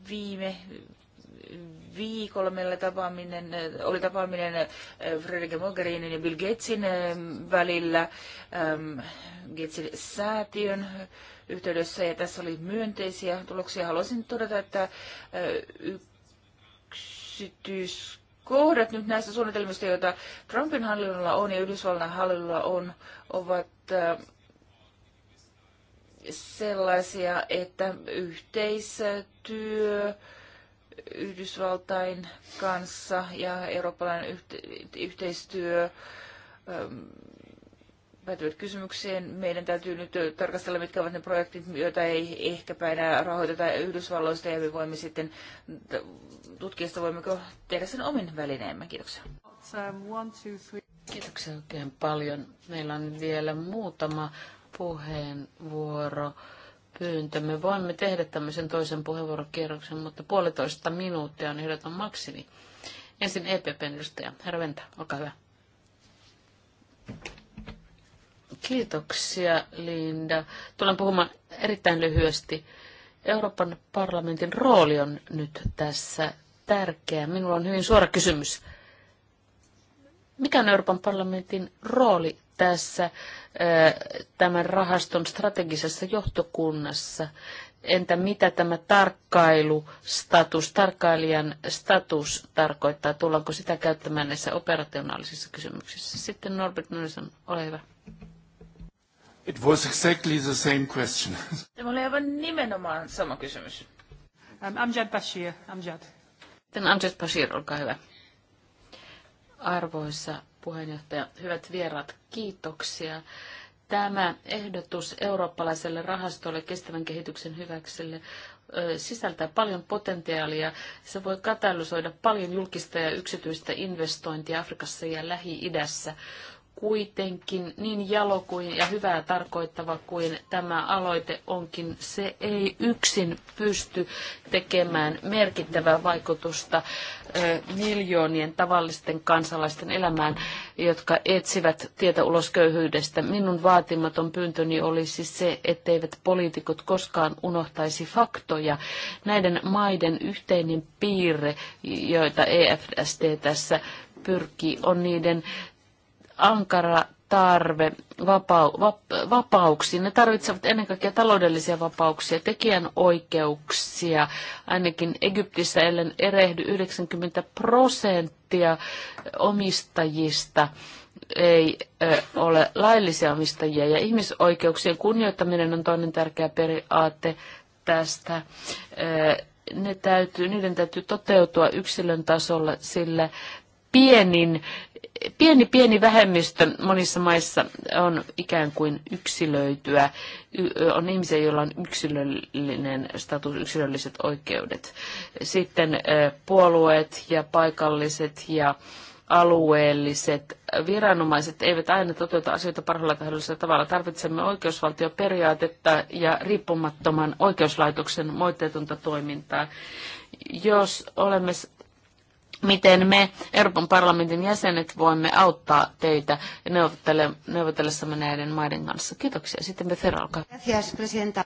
Speaker 2: viime viikolla meillä tapaaminen, oli tapaaminen Fredrik Mogherinin ja Bill Gatesin välillä Gatesin säätiön yhteydessä ja tässä oli myönteisiä tuloksia. Haluaisin todeta, että yksityis kohdat nyt näistä suunnitelmista, joita Trumpin hallinnolla on ja Yhdysvallan hallinnolla on, ovat äh, sellaisia, että yhteistyö Yhdysvaltain kanssa ja eurooppalainen yhteistyö ähm, päätyvät kysymykseen. Meidän täytyy nyt tarkastella, mitkä ovat ne projektit, joita ei ehkäpä enää rahoiteta Yhdysvalloista, ja me voimme sitten tutkia sitä, voimmeko tehdä sen omin välineemme. Kiitoksia.
Speaker 3: Kiitoksia oikein paljon. Meillä on vielä muutama puheenvuoro pyyntö. Me voimme tehdä tämmöisen toisen puheenvuorokierroksen, mutta puolitoista minuuttia on ehdoton maksimi. Ensin epp edustaja. Herra Venta, olkaa hyvä. Kiitoksia, Linda. Tulen puhumaan erittäin lyhyesti. Euroopan parlamentin rooli on nyt tässä tärkeä. Minulla on hyvin suora kysymys. Mikä on Euroopan parlamentin rooli tässä eh, tämän rahaston strategisessa johtokunnassa? Entä mitä tämä tarkkailustatus, tarkkailijan status tarkoittaa? Tullaanko sitä käyttämään näissä operationaalisissa kysymyksissä? Sitten Norbert Nilsson, ole hyvä.
Speaker 2: It was exactly the same question. oli aivan nimenomaan sama kysymys. Um, Amjad Bashir, Amjad.
Speaker 3: Sitten Amjad Bashir, olkaa hyvä. Arvoisa puheenjohtaja, hyvät vierat, kiitoksia. Tämä ehdotus eurooppalaiselle rahastolle kestävän kehityksen hyväkselle sisältää paljon potentiaalia. Se voi katalysoida paljon julkista ja yksityistä investointia Afrikassa ja Lähi-idässä kuitenkin niin jalo kuin ja hyvää tarkoittava kuin tämä aloite onkin, se ei yksin pysty tekemään merkittävää vaikutusta miljoonien tavallisten kansalaisten elämään, jotka etsivät tietä ulos köyhyydestä. Minun vaatimaton pyyntöni olisi se, etteivät poliitikot koskaan unohtaisi faktoja. Näiden maiden yhteinen piirre, joita EFST tässä pyrkii, on niiden ankara tarve vapau, vapauksiin. Ne tarvitsevat ennen kaikkea taloudellisia vapauksia, tekijänoikeuksia. Ainakin Egyptissä ellen erehdy 90 prosenttia omistajista ei ole laillisia omistajia. Ja ihmisoikeuksien kunnioittaminen on toinen tärkeä periaate tästä. Ne täytyy, niiden täytyy toteutua yksilön tasolla, sillä pienin, pieni pieni vähemmistö monissa maissa on ikään kuin yksilöityä. On ihmisiä, joilla on yksilöllinen status, yksilölliset oikeudet. Sitten puolueet ja paikalliset ja alueelliset viranomaiset eivät aina toteuta asioita parhaalla tahdollisella tavalla. Tarvitsemme oikeusvaltioperiaatetta ja riippumattoman oikeuslaitoksen moitteetonta toimintaa. Jos olemme miten me Euroopan parlamentin jäsenet voimme auttaa teitä neuvotellessamme näiden maiden kanssa. Kiitoksia. Sitten me Feralka.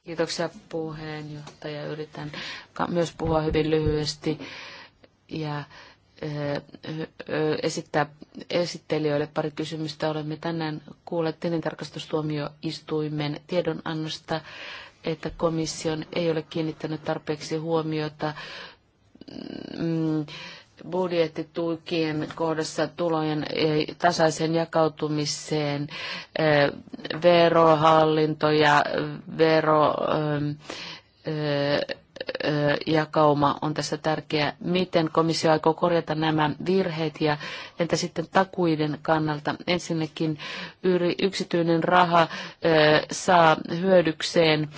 Speaker 3: Kiitoksia puheenjohtaja. Yritän myös puhua hyvin lyhyesti ja eh, eh, esittää esittelijöille pari kysymystä. Olemme tänään kuulleet tilintarkastustuomioistuimen tiedonannosta, että komission ei ole kiinnittänyt tarpeeksi huomiota mm, budjettitukien kohdassa tulojen e, tasaisen jakautumiseen e, verohallinto ja vero jakauma on tässä tärkeä. Miten komissio aikoo korjata nämä virheet ja entä sitten takuiden kannalta? Ensinnäkin yksityinen raha saa hyödykseen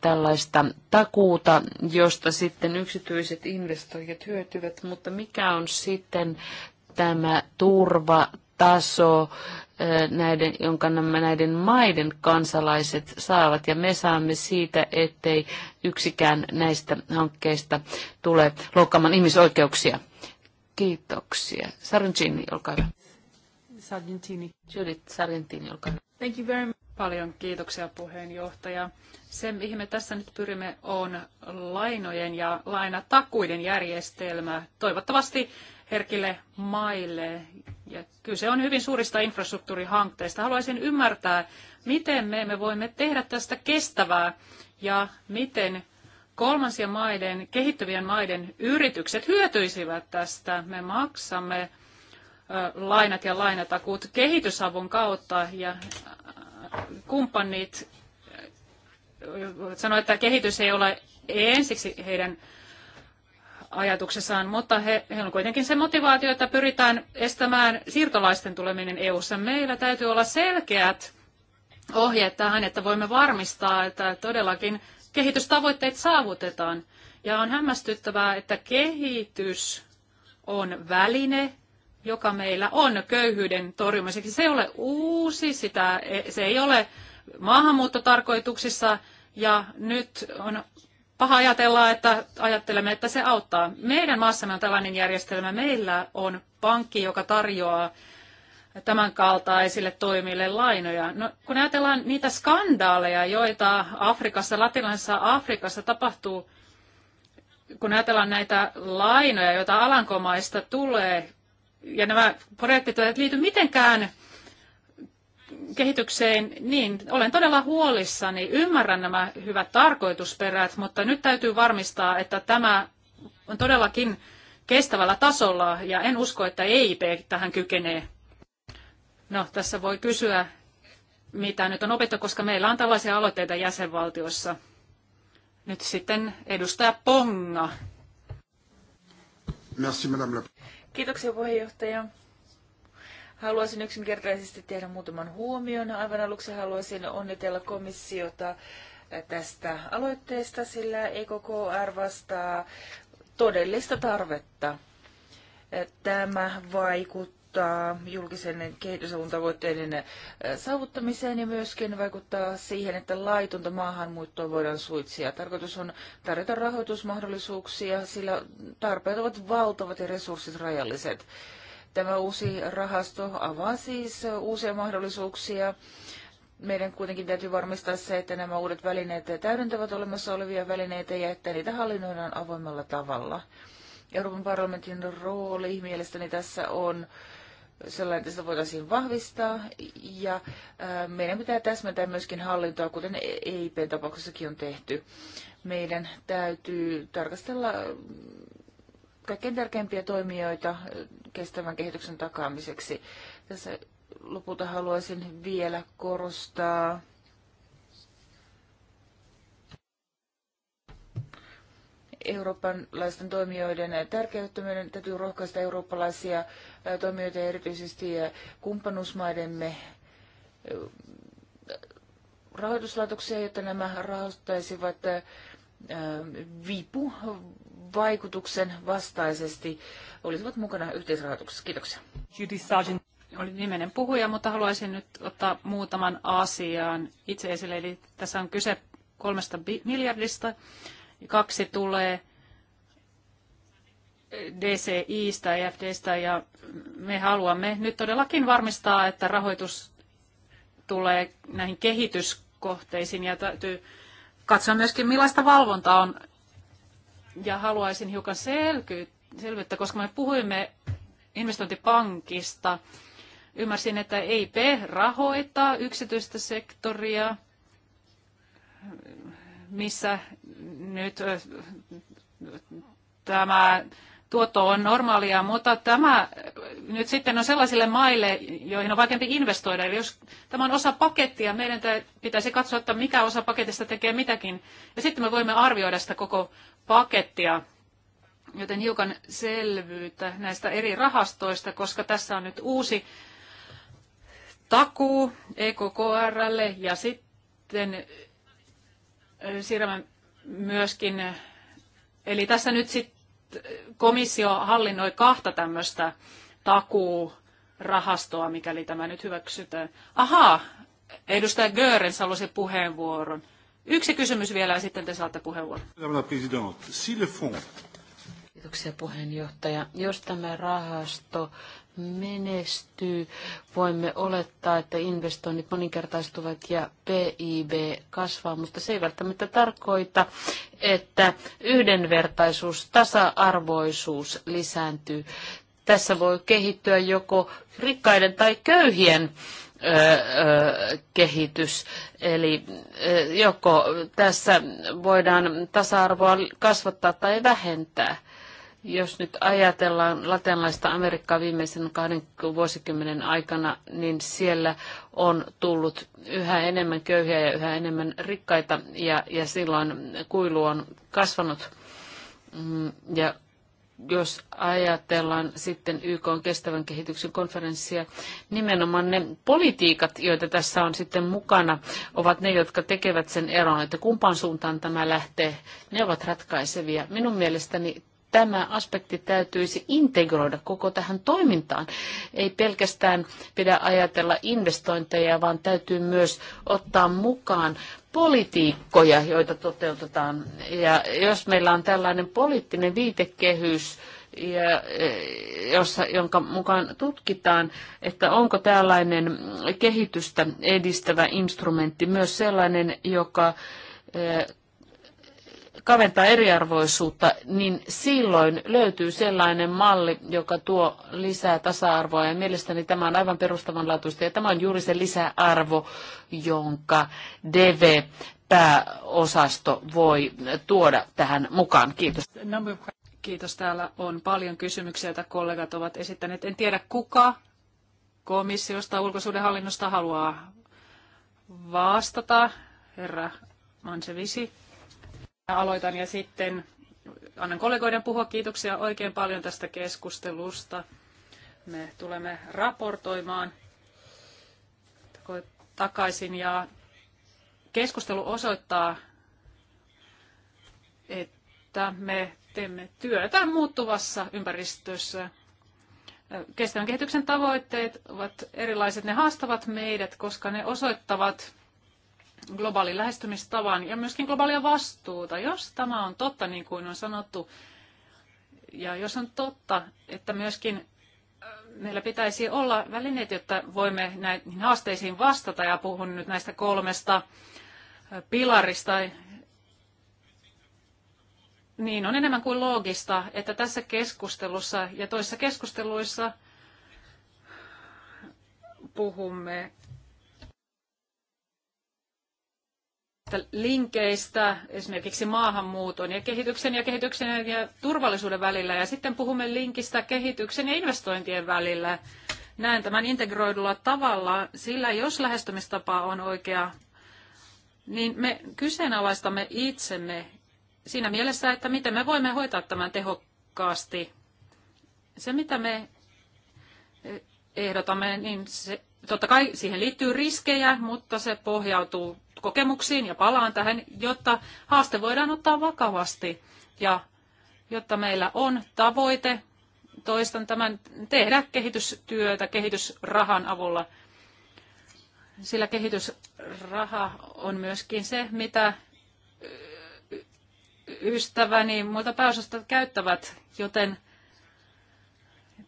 Speaker 3: tällaista takuuta, josta sitten yksityiset investoijat hyötyvät, mutta mikä on sitten tämä turvataso näiden, jonka nämä näiden maiden kansalaiset saavat. Ja me saamme siitä, ettei yksikään näistä hankkeista tule loukkaamaan ihmisoikeuksia. Kiitoksia. Sargentini, olkaa hyvä. Sargentini. Judith Sargentini, olkaa hyvä.
Speaker 1: Thank you very much. Paljon kiitoksia puheenjohtaja. Se, mihin me tässä nyt pyrimme, on lainojen ja lainatakuiden järjestelmä. Toivottavasti herkille maille. Ja kyse on hyvin suurista infrastruktuurihankkeista. Haluaisin ymmärtää, miten me, me voimme tehdä tästä kestävää ja miten kolmansien maiden, kehittyvien maiden yritykset hyötyisivät tästä. Me maksamme lainat ja lainatakuut kehitysavun kautta ja kumppanit sanoivat, että kehitys ei ole ensiksi heidän ajatuksessaan, mutta he, heillä on kuitenkin se motivaatio, että pyritään estämään siirtolaisten tuleminen EU-ssa. Meillä täytyy olla selkeät ohjeet tähän, että voimme varmistaa, että todellakin kehitystavoitteet saavutetaan. Ja on hämmästyttävää, että kehitys on väline, joka meillä on köyhyyden torjumiseksi. Se ei ole uusi, sitä, se ei ole maahanmuuttotarkoituksissa ja nyt on paha ajatella, että ajattelemme, että se auttaa. Meidän maassamme on tällainen järjestelmä. Meillä on pankki, joka tarjoaa tämän kaltaisille toimille lainoja. No, kun ajatellaan niitä skandaaleja, joita Afrikassa, latinalaisessa Afrikassa tapahtuu, kun ajatellaan näitä lainoja, joita Alankomaista tulee, ja nämä projektit eivät liity mitenkään kehitykseen, niin olen todella huolissani. Ymmärrän nämä hyvät tarkoitusperät, mutta nyt täytyy varmistaa, että tämä on todellakin kestävällä tasolla ja en usko, että EIP tähän kykenee. No, tässä voi kysyä, mitä nyt on opittu, koska meillä on tällaisia aloitteita jäsenvaltiossa. Nyt sitten edustaja Ponga.
Speaker 2: Merci, madame. Kiitoksia puheenjohtaja. Haluaisin yksinkertaisesti tehdä muutaman huomion. Aivan aluksi haluaisin onnitella komissiota eh, tästä aloitteesta, sillä EKKR vastaa todellista tarvetta. Eh, tämä vaikuttaa julkisen kehitysavun tavoitteiden eh, saavuttamiseen ja myöskin vaikuttaa siihen, että laitonta maahanmuuttoa voidaan suitsia. Tarkoitus on tarjota rahoitusmahdollisuuksia, sillä tarpeet ovat valtavat ja resurssit rajalliset. Tämä uusi rahasto avaa siis uusia mahdollisuuksia. Meidän kuitenkin täytyy varmistaa se, että nämä uudet välineet täydentävät olemassa olevia välineitä ja että niitä hallinnoidaan avoimella tavalla. Euroopan parlamentin rooli mielestäni tässä on sellainen, että sitä voitaisiin vahvistaa ja äh, meidän pitää täsmentää myöskin hallintoa, kuten eip tapauksessakin on tehty. Meidän täytyy tarkastella kaikkein tärkeimpiä toimijoita kestävän kehityksen takaamiseksi. Tässä lopulta haluaisin vielä korostaa eurooppalaisten toimijoiden tärkeyttä. Meidän täytyy rohkaista eurooppalaisia toimijoita erityisesti kumppanuusmaidemme rahoituslaitoksia, jotta nämä rahoittaisivat vipu vaikutuksen vastaisesti olisivat mukana yhteisrahoituksessa. Kiitoksia. Judy Sargent
Speaker 1: oli nimenen puhuja, mutta haluaisin nyt ottaa muutaman asian itse esille. Eli tässä on kyse kolmesta miljardista kaksi tulee DCIstä, EFDstä ja me haluamme nyt todellakin varmistaa, että rahoitus tulee näihin kehityskohteisiin ja täytyy katsoa myöskin millaista valvontaa on ja haluaisin hiukan selvyyttä, koska me puhuimme investointipankista. Ymmärsin, että EIP rahoittaa yksityistä sektoria, missä nyt tämä tuotto on normaalia, mutta tämä nyt sitten on sellaisille maille, joihin on vaikeampi investoida. Eli jos tämä on osa pakettia, meidän pitäisi katsoa, että mikä osa paketista tekee mitäkin. Ja sitten me voimme arvioida sitä koko pakettia, joten hiukan selvyyttä näistä eri rahastoista, koska tässä on nyt uusi takuu EKKRlle ja sitten siirrämme myöskin, eli tässä nyt sitten komissio hallinnoi kahta tämmöistä takuurahastoa, mikäli tämä nyt hyväksytään. Ahaa, edustaja Görens halusi puheenvuoron. Yksi kysymys vielä ja sitten te saatte puheenvuoron.
Speaker 3: Kiitoksia puheenjohtaja. Jos tämä rahasto menestyy, voimme olettaa, että investoinnit moninkertaistuvat ja PIB kasvaa, mutta se ei välttämättä tarkoita, että yhdenvertaisuus, tasa-arvoisuus lisääntyy. Tässä voi kehittyä joko rikkaiden tai köyhien kehitys. Eli joko tässä voidaan tasa-arvoa kasvattaa tai vähentää. Jos nyt ajatellaan latinalaista Amerikkaa viimeisen kahden vuosikymmenen aikana, niin siellä on tullut yhä enemmän köyhiä ja yhä enemmän rikkaita, ja, ja silloin kuilu on kasvanut. Mm, ja jos ajatellaan sitten YK on kestävän kehityksen konferenssia, nimenomaan ne politiikat, joita tässä on sitten mukana, ovat ne, jotka tekevät sen eron, että kumpaan suuntaan tämä lähtee. Ne ovat ratkaisevia. Minun mielestäni tämä aspekti täytyisi integroida koko tähän toimintaan. Ei pelkästään pidä ajatella investointeja, vaan täytyy myös ottaa mukaan politiikkoja, joita toteutetaan. Ja jos meillä on tällainen poliittinen viitekehys, ja, eh, jossa, jonka mukaan tutkitaan, että onko tällainen kehitystä edistävä instrumentti myös sellainen, joka eh, kaventaa eriarvoisuutta, niin silloin löytyy sellainen malli, joka tuo lisää tasa-arvoa. Ja mielestäni tämä on aivan perustavanlaatuista ja tämä on juuri se lisäarvo, jonka DV pääosasto voi tuoda tähän mukaan. Kiitos.
Speaker 1: Kiitos. Täällä on paljon kysymyksiä, joita kollegat ovat esittäneet. En tiedä kuka komissiosta, ulkosuudenhallinnosta haluaa vastata. Herra Mansevisi aloitan ja sitten annan kollegoiden puhua. Kiitoksia oikein paljon tästä keskustelusta. Me tulemme raportoimaan takaisin ja keskustelu osoittaa, että me teemme työtä muuttuvassa ympäristössä. Kestävän kehityksen tavoitteet ovat erilaiset. Ne haastavat meidät, koska ne osoittavat, globaalin lähestymistavan ja myöskin globaalia vastuuta. Jos tämä on totta, niin kuin on sanottu, ja jos on totta, että myöskin äh, meillä pitäisi olla välineet, jotta voimme näihin haasteisiin vastata, ja puhun nyt näistä kolmesta äh, pilarista, niin on enemmän kuin loogista, että tässä keskustelussa ja toissa keskusteluissa puhumme linkeistä esimerkiksi maahanmuuton ja kehityksen ja kehityksen ja turvallisuuden välillä. Ja sitten puhumme linkistä kehityksen ja investointien välillä. Näen tämän integroidulla tavalla, sillä jos lähestymistapa on oikea, niin me kyseenalaistamme itsemme siinä mielessä, että miten me voimme hoitaa tämän tehokkaasti. Se, mitä me e, ehdotamme, niin se, totta kai siihen liittyy riskejä, mutta se pohjautuu kokemuksiin ja palaan tähän, jotta haaste voidaan ottaa vakavasti ja jotta meillä on tavoite, toistan tämän, tehdä kehitystyötä kehitysrahan avulla. Sillä kehitysraha on myöskin se, mitä ystäväni muilta pääosasta käyttävät, joten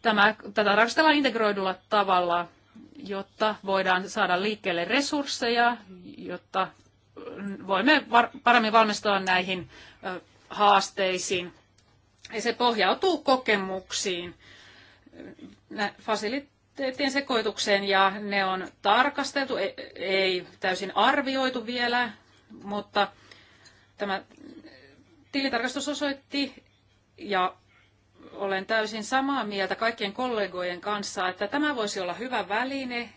Speaker 1: tämä, tätä tarkastellaan integroidulla tavalla, jotta voidaan saada liikkeelle resursseja, jotta voimme paremmin valmistua näihin haasteisiin. Ja se pohjautuu kokemuksiin, fasiliteettien sekoitukseen ja ne on tarkasteltu, e, ei täysin arvioitu vielä, mutta tämä tilitarkastus osoitti ja olen täysin samaa mieltä kaikkien kollegojen kanssa, että tämä voisi olla hyvä väline,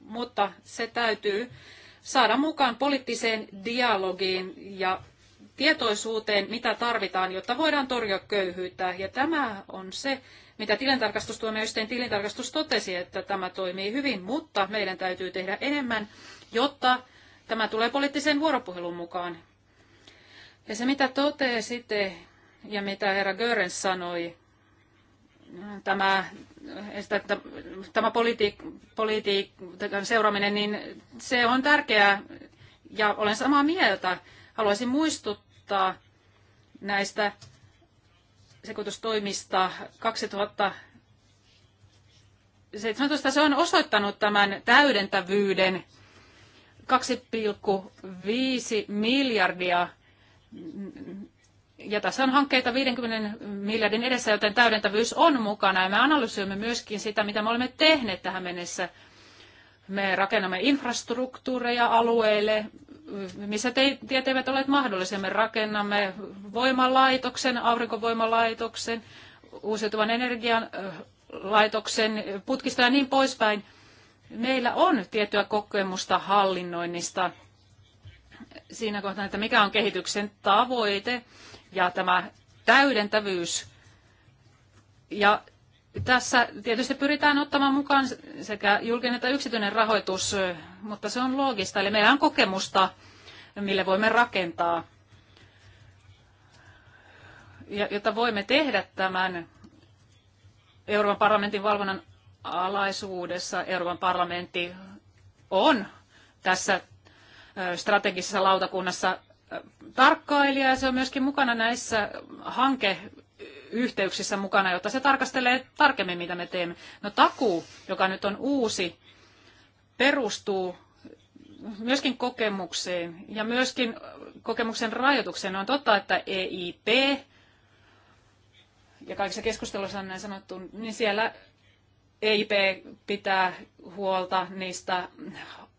Speaker 1: mutta se täytyy saada mukaan poliittiseen dialogiin ja tietoisuuteen, mitä tarvitaan, jotta voidaan torjua köyhyyttä. Ja tämä on se, mitä tilintarkastustuomioistuin tilintarkastus totesi, että tämä toimii hyvin, mutta meidän täytyy tehdä enemmän, jotta tämä tulee poliittiseen vuoropuhelun mukaan. Ja se, mitä totesitte ja mitä herra Görens sanoi, tämä sitä, että tämä politiikan seuraaminen, niin se on tärkeää ja olen samaa mieltä. Haluaisin muistuttaa näistä sekoitustoimista 2017. Se on osoittanut tämän täydentävyyden 2,5 miljardia ja tässä on hankkeita 50 miljardin edessä, joten täydentävyys on mukana. Ja me analysoimme myöskin sitä, mitä me olemme tehneet tähän mennessä. Me rakennamme infrastruktuureja alueille, missä tieteet tiet eivät ole mahdollisia. Me rakennamme voimalaitoksen, aurinkovoimalaitoksen, uusiutuvan energian laitoksen, putkista ja niin poispäin. Meillä on tiettyä kokemusta hallinnoinnista siinä kohtaa, että mikä on kehityksen tavoite ja tämä täydentävyys. Ja tässä tietysti pyritään ottamaan mukaan sekä julkinen että yksityinen rahoitus, mutta se on loogista. Eli meillä on kokemusta, mille voimme rakentaa, jotta voimme tehdä tämän Euroopan parlamentin valvonnan alaisuudessa. Euroopan parlamentti on tässä strategisessa lautakunnassa tarkkailija ja se on myöskin mukana näissä yhteyksissä mukana, jotta se tarkastelee tarkemmin, mitä me teemme. No takuu, joka nyt on uusi, perustuu myöskin kokemukseen ja myöskin kokemuksen rajoitukseen. On totta, että EIP ja kaikissa keskusteluissa on näin sanottu, niin siellä EIP pitää huolta niistä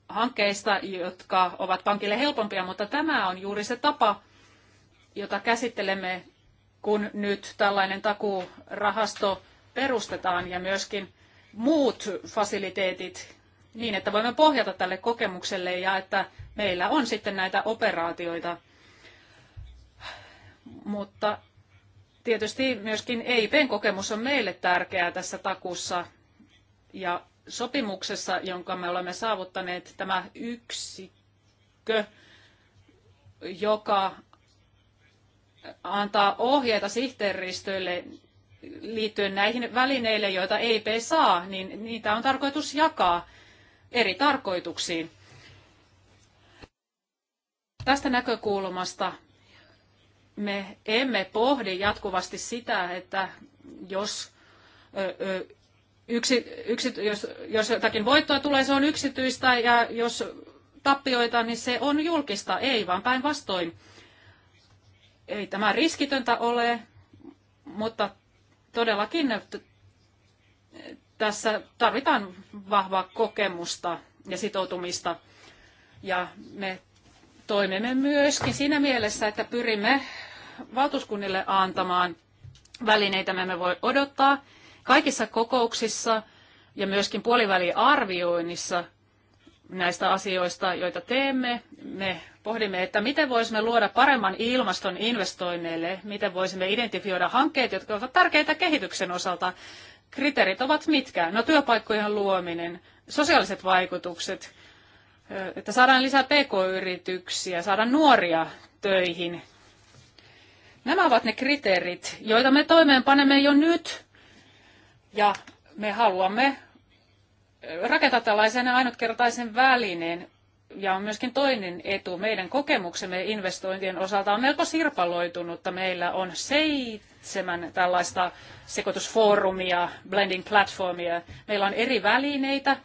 Speaker 1: hankkeista, jotka ovat pankille helpompia, mutta tämä on juuri se tapa, jota käsittelemme, kun nyt tällainen takuurahasto perustetaan ja myöskin muut fasiliteetit niin, että voimme pohjata tälle kokemukselle ja että meillä on sitten näitä operaatioita. Mutta tietysti myöskin EIPn kokemus on meille tärkeää tässä takussa ja sopimuksessa, jonka me olemme saavuttaneet, tämä yksikkö, joka antaa ohjeita sihteeristöille liittyen näihin välineille, joita EIP saa, niin niitä on tarkoitus jakaa eri tarkoituksiin. Tästä näkökulmasta me emme pohdi jatkuvasti sitä, että jos yksi, yksi, jos, jos jotakin voittoa tulee, se on yksityistä ja jos tappioita, niin se on julkista. Ei, vaan päinvastoin. Ei tämä riskitöntä ole, mutta todellakin tässä tarvitaan vahvaa kokemusta ja sitoutumista. Ja me toimimme myöskin siinä mielessä, että pyrimme valtuuskunnille antamaan välineitä. Me emme voi odottaa, Kaikissa kokouksissa ja myöskin puoliväliarvioinnissa näistä asioista, joita teemme, me pohdimme, että miten voisimme luoda paremman ilmaston investoinneille, miten voisimme identifioida hankkeet, jotka ovat tärkeitä kehityksen osalta. Kriteerit ovat mitkä? No työpaikkojen luominen, sosiaaliset vaikutukset, että saadaan lisää pk-yrityksiä, saadaan nuoria töihin. Nämä ovat ne kriteerit, joita me toimeenpanemme jo nyt ja me haluamme rakentaa tällaisen ainutkertaisen välineen, ja on myöskin toinen etu. Meidän kokemuksemme investointien osalta on melko sirpaloitunutta. Meillä on seitsemän tällaista sekoitusfoorumia, blending platformia. Meillä on eri välineitä,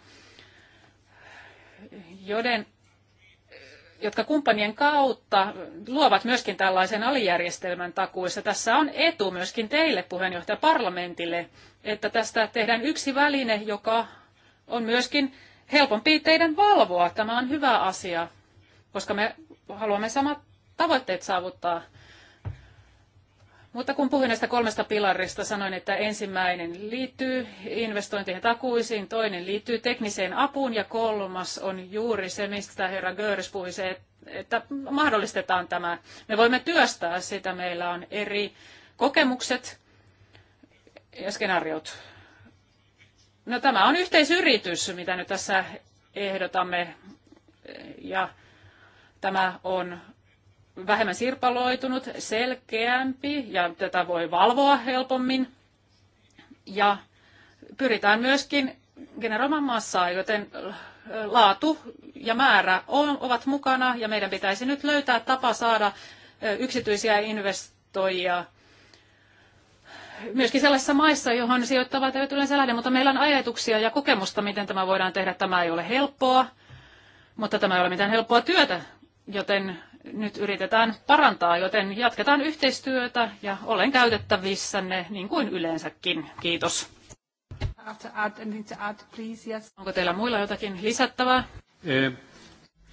Speaker 1: joiden jotka kumppanien kautta luovat myöskin tällaisen alijärjestelmän takuissa. Tässä on etu myöskin teille puheenjohtaja parlamentille, että tästä tehdään yksi väline, joka on myöskin helpompi teidän valvoa. Tämä on hyvä asia, koska me haluamme samat tavoitteet saavuttaa mutta kun puhuin näistä kolmesta pilarista, sanoin, että ensimmäinen liittyy investointeihin takuisiin, toinen liittyy tekniseen apuun ja kolmas on juuri se, mistä herra Görs puhui, se, että mahdollistetaan tämä. Me voimme työstää sitä, meillä on eri kokemukset ja skenaariot. No tämä on yhteisyritys, mitä nyt tässä ehdotamme ja tämä on vähemmän sirpaloitunut, selkeämpi ja tätä voi valvoa helpommin. Ja pyritään myöskin generoimaan massaa, joten äh, laatu ja määrä on, ovat mukana ja meidän pitäisi nyt löytää tapa saada äh, yksityisiä investoijia myöskin sellaisissa maissa, johon sijoittavat eivät yleensä lähde, mutta meillä on ajatuksia ja kokemusta, miten tämä voidaan tehdä. Tämä ei ole helppoa, mutta tämä ei ole mitään helppoa työtä, joten nyt yritetään parantaa, joten jatketaan yhteistyötä ja olen käytettävissänne niin kuin yleensäkin. Kiitos.
Speaker 3: Onko teillä muilla jotakin lisättävää? Eh.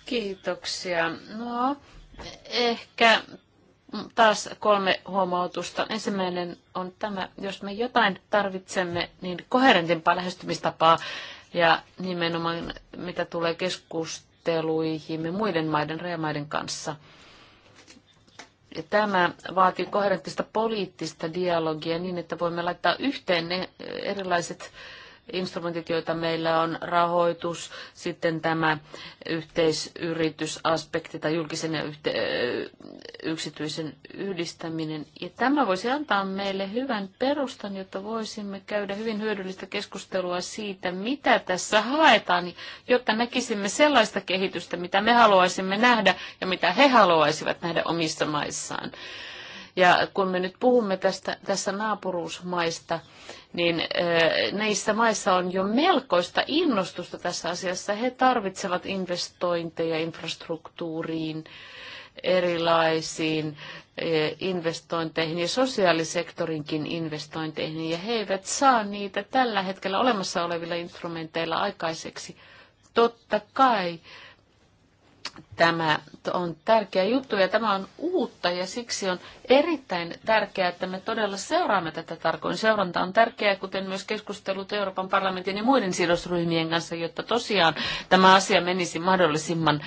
Speaker 3: Kiitoksia. No, ehkä taas kolme huomautusta. Ensimmäinen on tämä, jos me jotain tarvitsemme, niin koherentimpaa lähestymistapaa ja nimenomaan mitä tulee keskusteluun neuvotteluihin muiden maiden rajamaiden kanssa. Ja tämä vaatii koherenttista poliittista dialogia niin, että voimme laittaa yhteen ne eh, erilaiset äh, instrumentit, joita meillä on, rahoitus, sitten tämä yhteisyritysaspekti tai julkisen ja yhte- yksityisen yhdistäminen. Ja tämä voisi antaa meille hyvän perustan, jotta voisimme käydä hyvin hyödyllistä keskustelua siitä, mitä tässä haetaan, jotta näkisimme sellaista kehitystä, mitä me haluaisimme nähdä ja mitä he haluaisivat nähdä omissa maissaan. Ja kun me nyt puhumme tästä, tässä naapuruusmaista, niin näissä maissa on jo melkoista innostusta tässä asiassa. He tarvitsevat investointeja infrastruktuuriin, erilaisiin investointeihin ja sosiaalisektorinkin investointeihin, ja he eivät saa niitä tällä hetkellä olemassa olevilla instrumenteilla aikaiseksi. Totta kai Tämä on tärkeä juttu ja tämä on uutta ja siksi on erittäin tärkeää, että me todella seuraamme tätä tarkoin. Seuranta on tärkeää, kuten myös keskustelut Euroopan parlamentin ja muiden sidosryhmien kanssa, jotta tosiaan tämä asia menisi mahdollisimman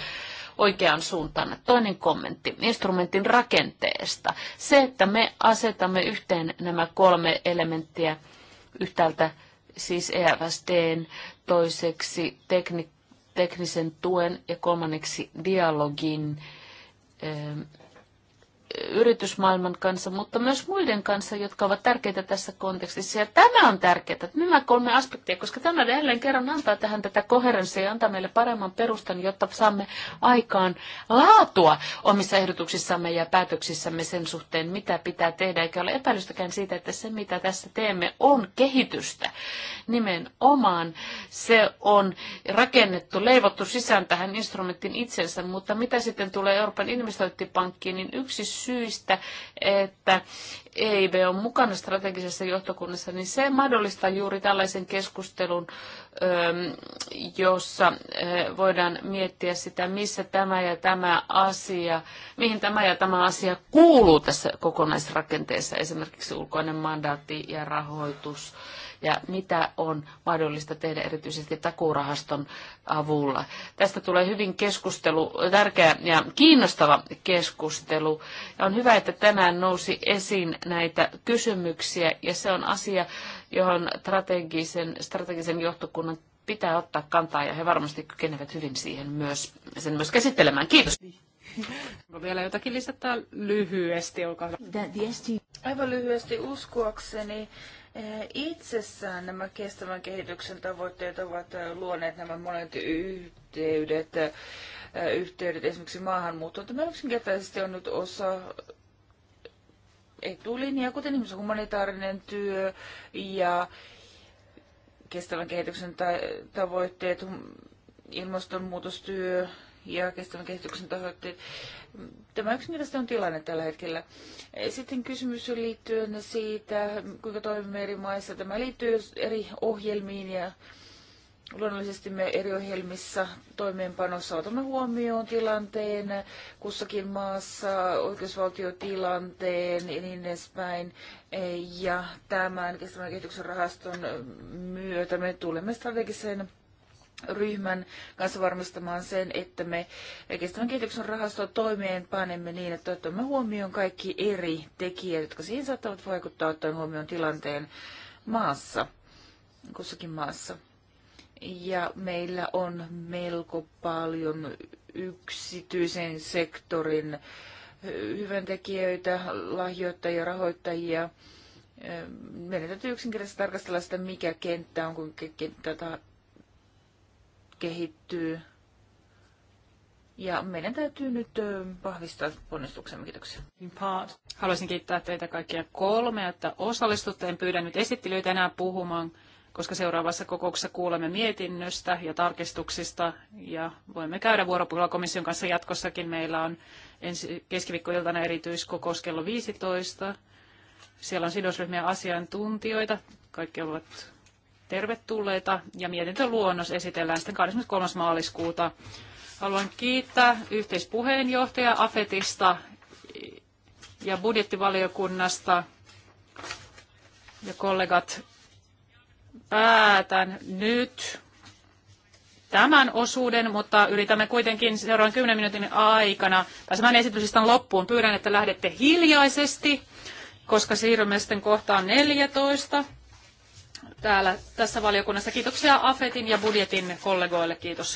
Speaker 3: oikeaan suuntaan. Toinen kommentti instrumentin rakenteesta. Se, että me asetamme yhteen nämä kolme elementtiä yhtäältä siis EFSDn, toiseksi teknik- teknisen tuen ja kolmanneksi dialogin eh, yritysmaailman kanssa, mutta myös muiden kanssa, jotka ovat tärkeitä tässä kontekstissa. Ja tämä on tärkeää, nämä kolme aspektia, koska tämä jälleen kerran antaa tähän tätä koherenssia ja antaa meille paremman perustan, jotta saamme aikaan laatua omissa ehdotuksissamme ja päätöksissämme sen suhteen, mitä pitää tehdä, eikä ole epäilystäkään siitä, että se, mitä tässä teemme, on kehitystä. Nimenomaan se on rakennettu, leivottu sisään tähän instrumentin itsensä, mutta mitä sitten tulee Euroopan investointipankkiin, niin yksi syistä, että EIB on mukana strategisessa johtokunnassa, niin se mahdollistaa juuri tällaisen keskustelun, jossa voidaan miettiä sitä, missä tämä ja tämä asia, mihin tämä ja tämä asia kuuluu tässä kokonaisrakenteessa, esimerkiksi ulkoinen mandaatti ja rahoitus ja mitä on mahdollista tehdä erityisesti takuurahaston avulla. Tästä tulee hyvin keskustelu, tärkeä ja kiinnostava keskustelu. Ja on hyvä, että tänään nousi esiin näitä kysymyksiä ja se on asia, johon strategisen, strategisen johtokunnan pitää ottaa kantaa ja he varmasti kykenevät hyvin siihen myös, sen myös käsittelemään. Kiitos.
Speaker 1: Onko vielä jotakin lisätään lyhyesti, olkaa hyvä.
Speaker 2: Aivan lyhyesti uskoakseni eh, itsessään nämä kestävän kehityksen tavoitteet ovat eh, luoneet nämä monet yhteydet, eh, yhteydet esimerkiksi maahanmuuttoon. Tämä yksinkertaisesti on nyt osa etulinjaa, kuten ihmisen humanitaarinen työ ja kestävän kehityksen tavoitteet, ilmastonmuutostyö ja kestävän kehityksen tavoitteet. Tämä mielestä on tilanne tällä hetkellä. Eh, sitten kysymys on liittyen siitä, kuinka toimimme eri maissa. Tämä liittyy eri ohjelmiin ja luonnollisesti me eri ohjelmissa toimeenpanossa otamme huomioon tilanteen kussakin maassa, oikeusvaltiotilanteen ja niin edespäin. Eh, ja tämän kestävän kehityksen rahaston myötä me tulemme strategisen ryhmän kanssa varmistamaan sen, että me kestävän kehityksen rahastoa toimeenpanemme niin, että otamme huomioon kaikki eri tekijät, jotka siihen saattavat vaikuttaa ottaen huomioon tilanteen maassa, kussakin maassa. Ja meillä on melko paljon yksityisen sektorin hyväntekijöitä, lahjoittajia, rahoittajia. Meidän täytyy yksinkertaisesti tarkastella sitä, mikä kenttä on, kun kenttä kehittyy. Ja meidän täytyy nyt
Speaker 1: vahvistaa ponnistuksemme. Kiitoksia. Haluaisin kiittää teitä kaikkia kolmea, että osallistutte. En pyydä nyt esittelyitä enää puhumaan, koska seuraavassa kokouksessa kuulemme mietinnöstä ja tarkistuksista. Ja voimme käydä vuoropuhelua komission kanssa jatkossakin. Meillä on ensi keskiviikkoiltana erityiskokous kello 15. Siellä on sidosryhmien asiantuntijoita. Kaikki ovat tervetulleita ja mietintöluonnos esitellään sitten 23. maaliskuuta. Haluan kiittää yhteispuheenjohtaja Afetista ja budjettivaliokunnasta ja kollegat. Päätän nyt tämän osuuden, mutta yritämme kuitenkin seuraavan 10 minuutin aikana pääsemään esityksestä loppuun. Pyydän, että lähdette hiljaisesti, koska siirrymme sitten kohtaan
Speaker 3: 14 täällä tässä valiokunnassa. Kiitoksia AFETin ja budjetin kollegoille. Kiitos.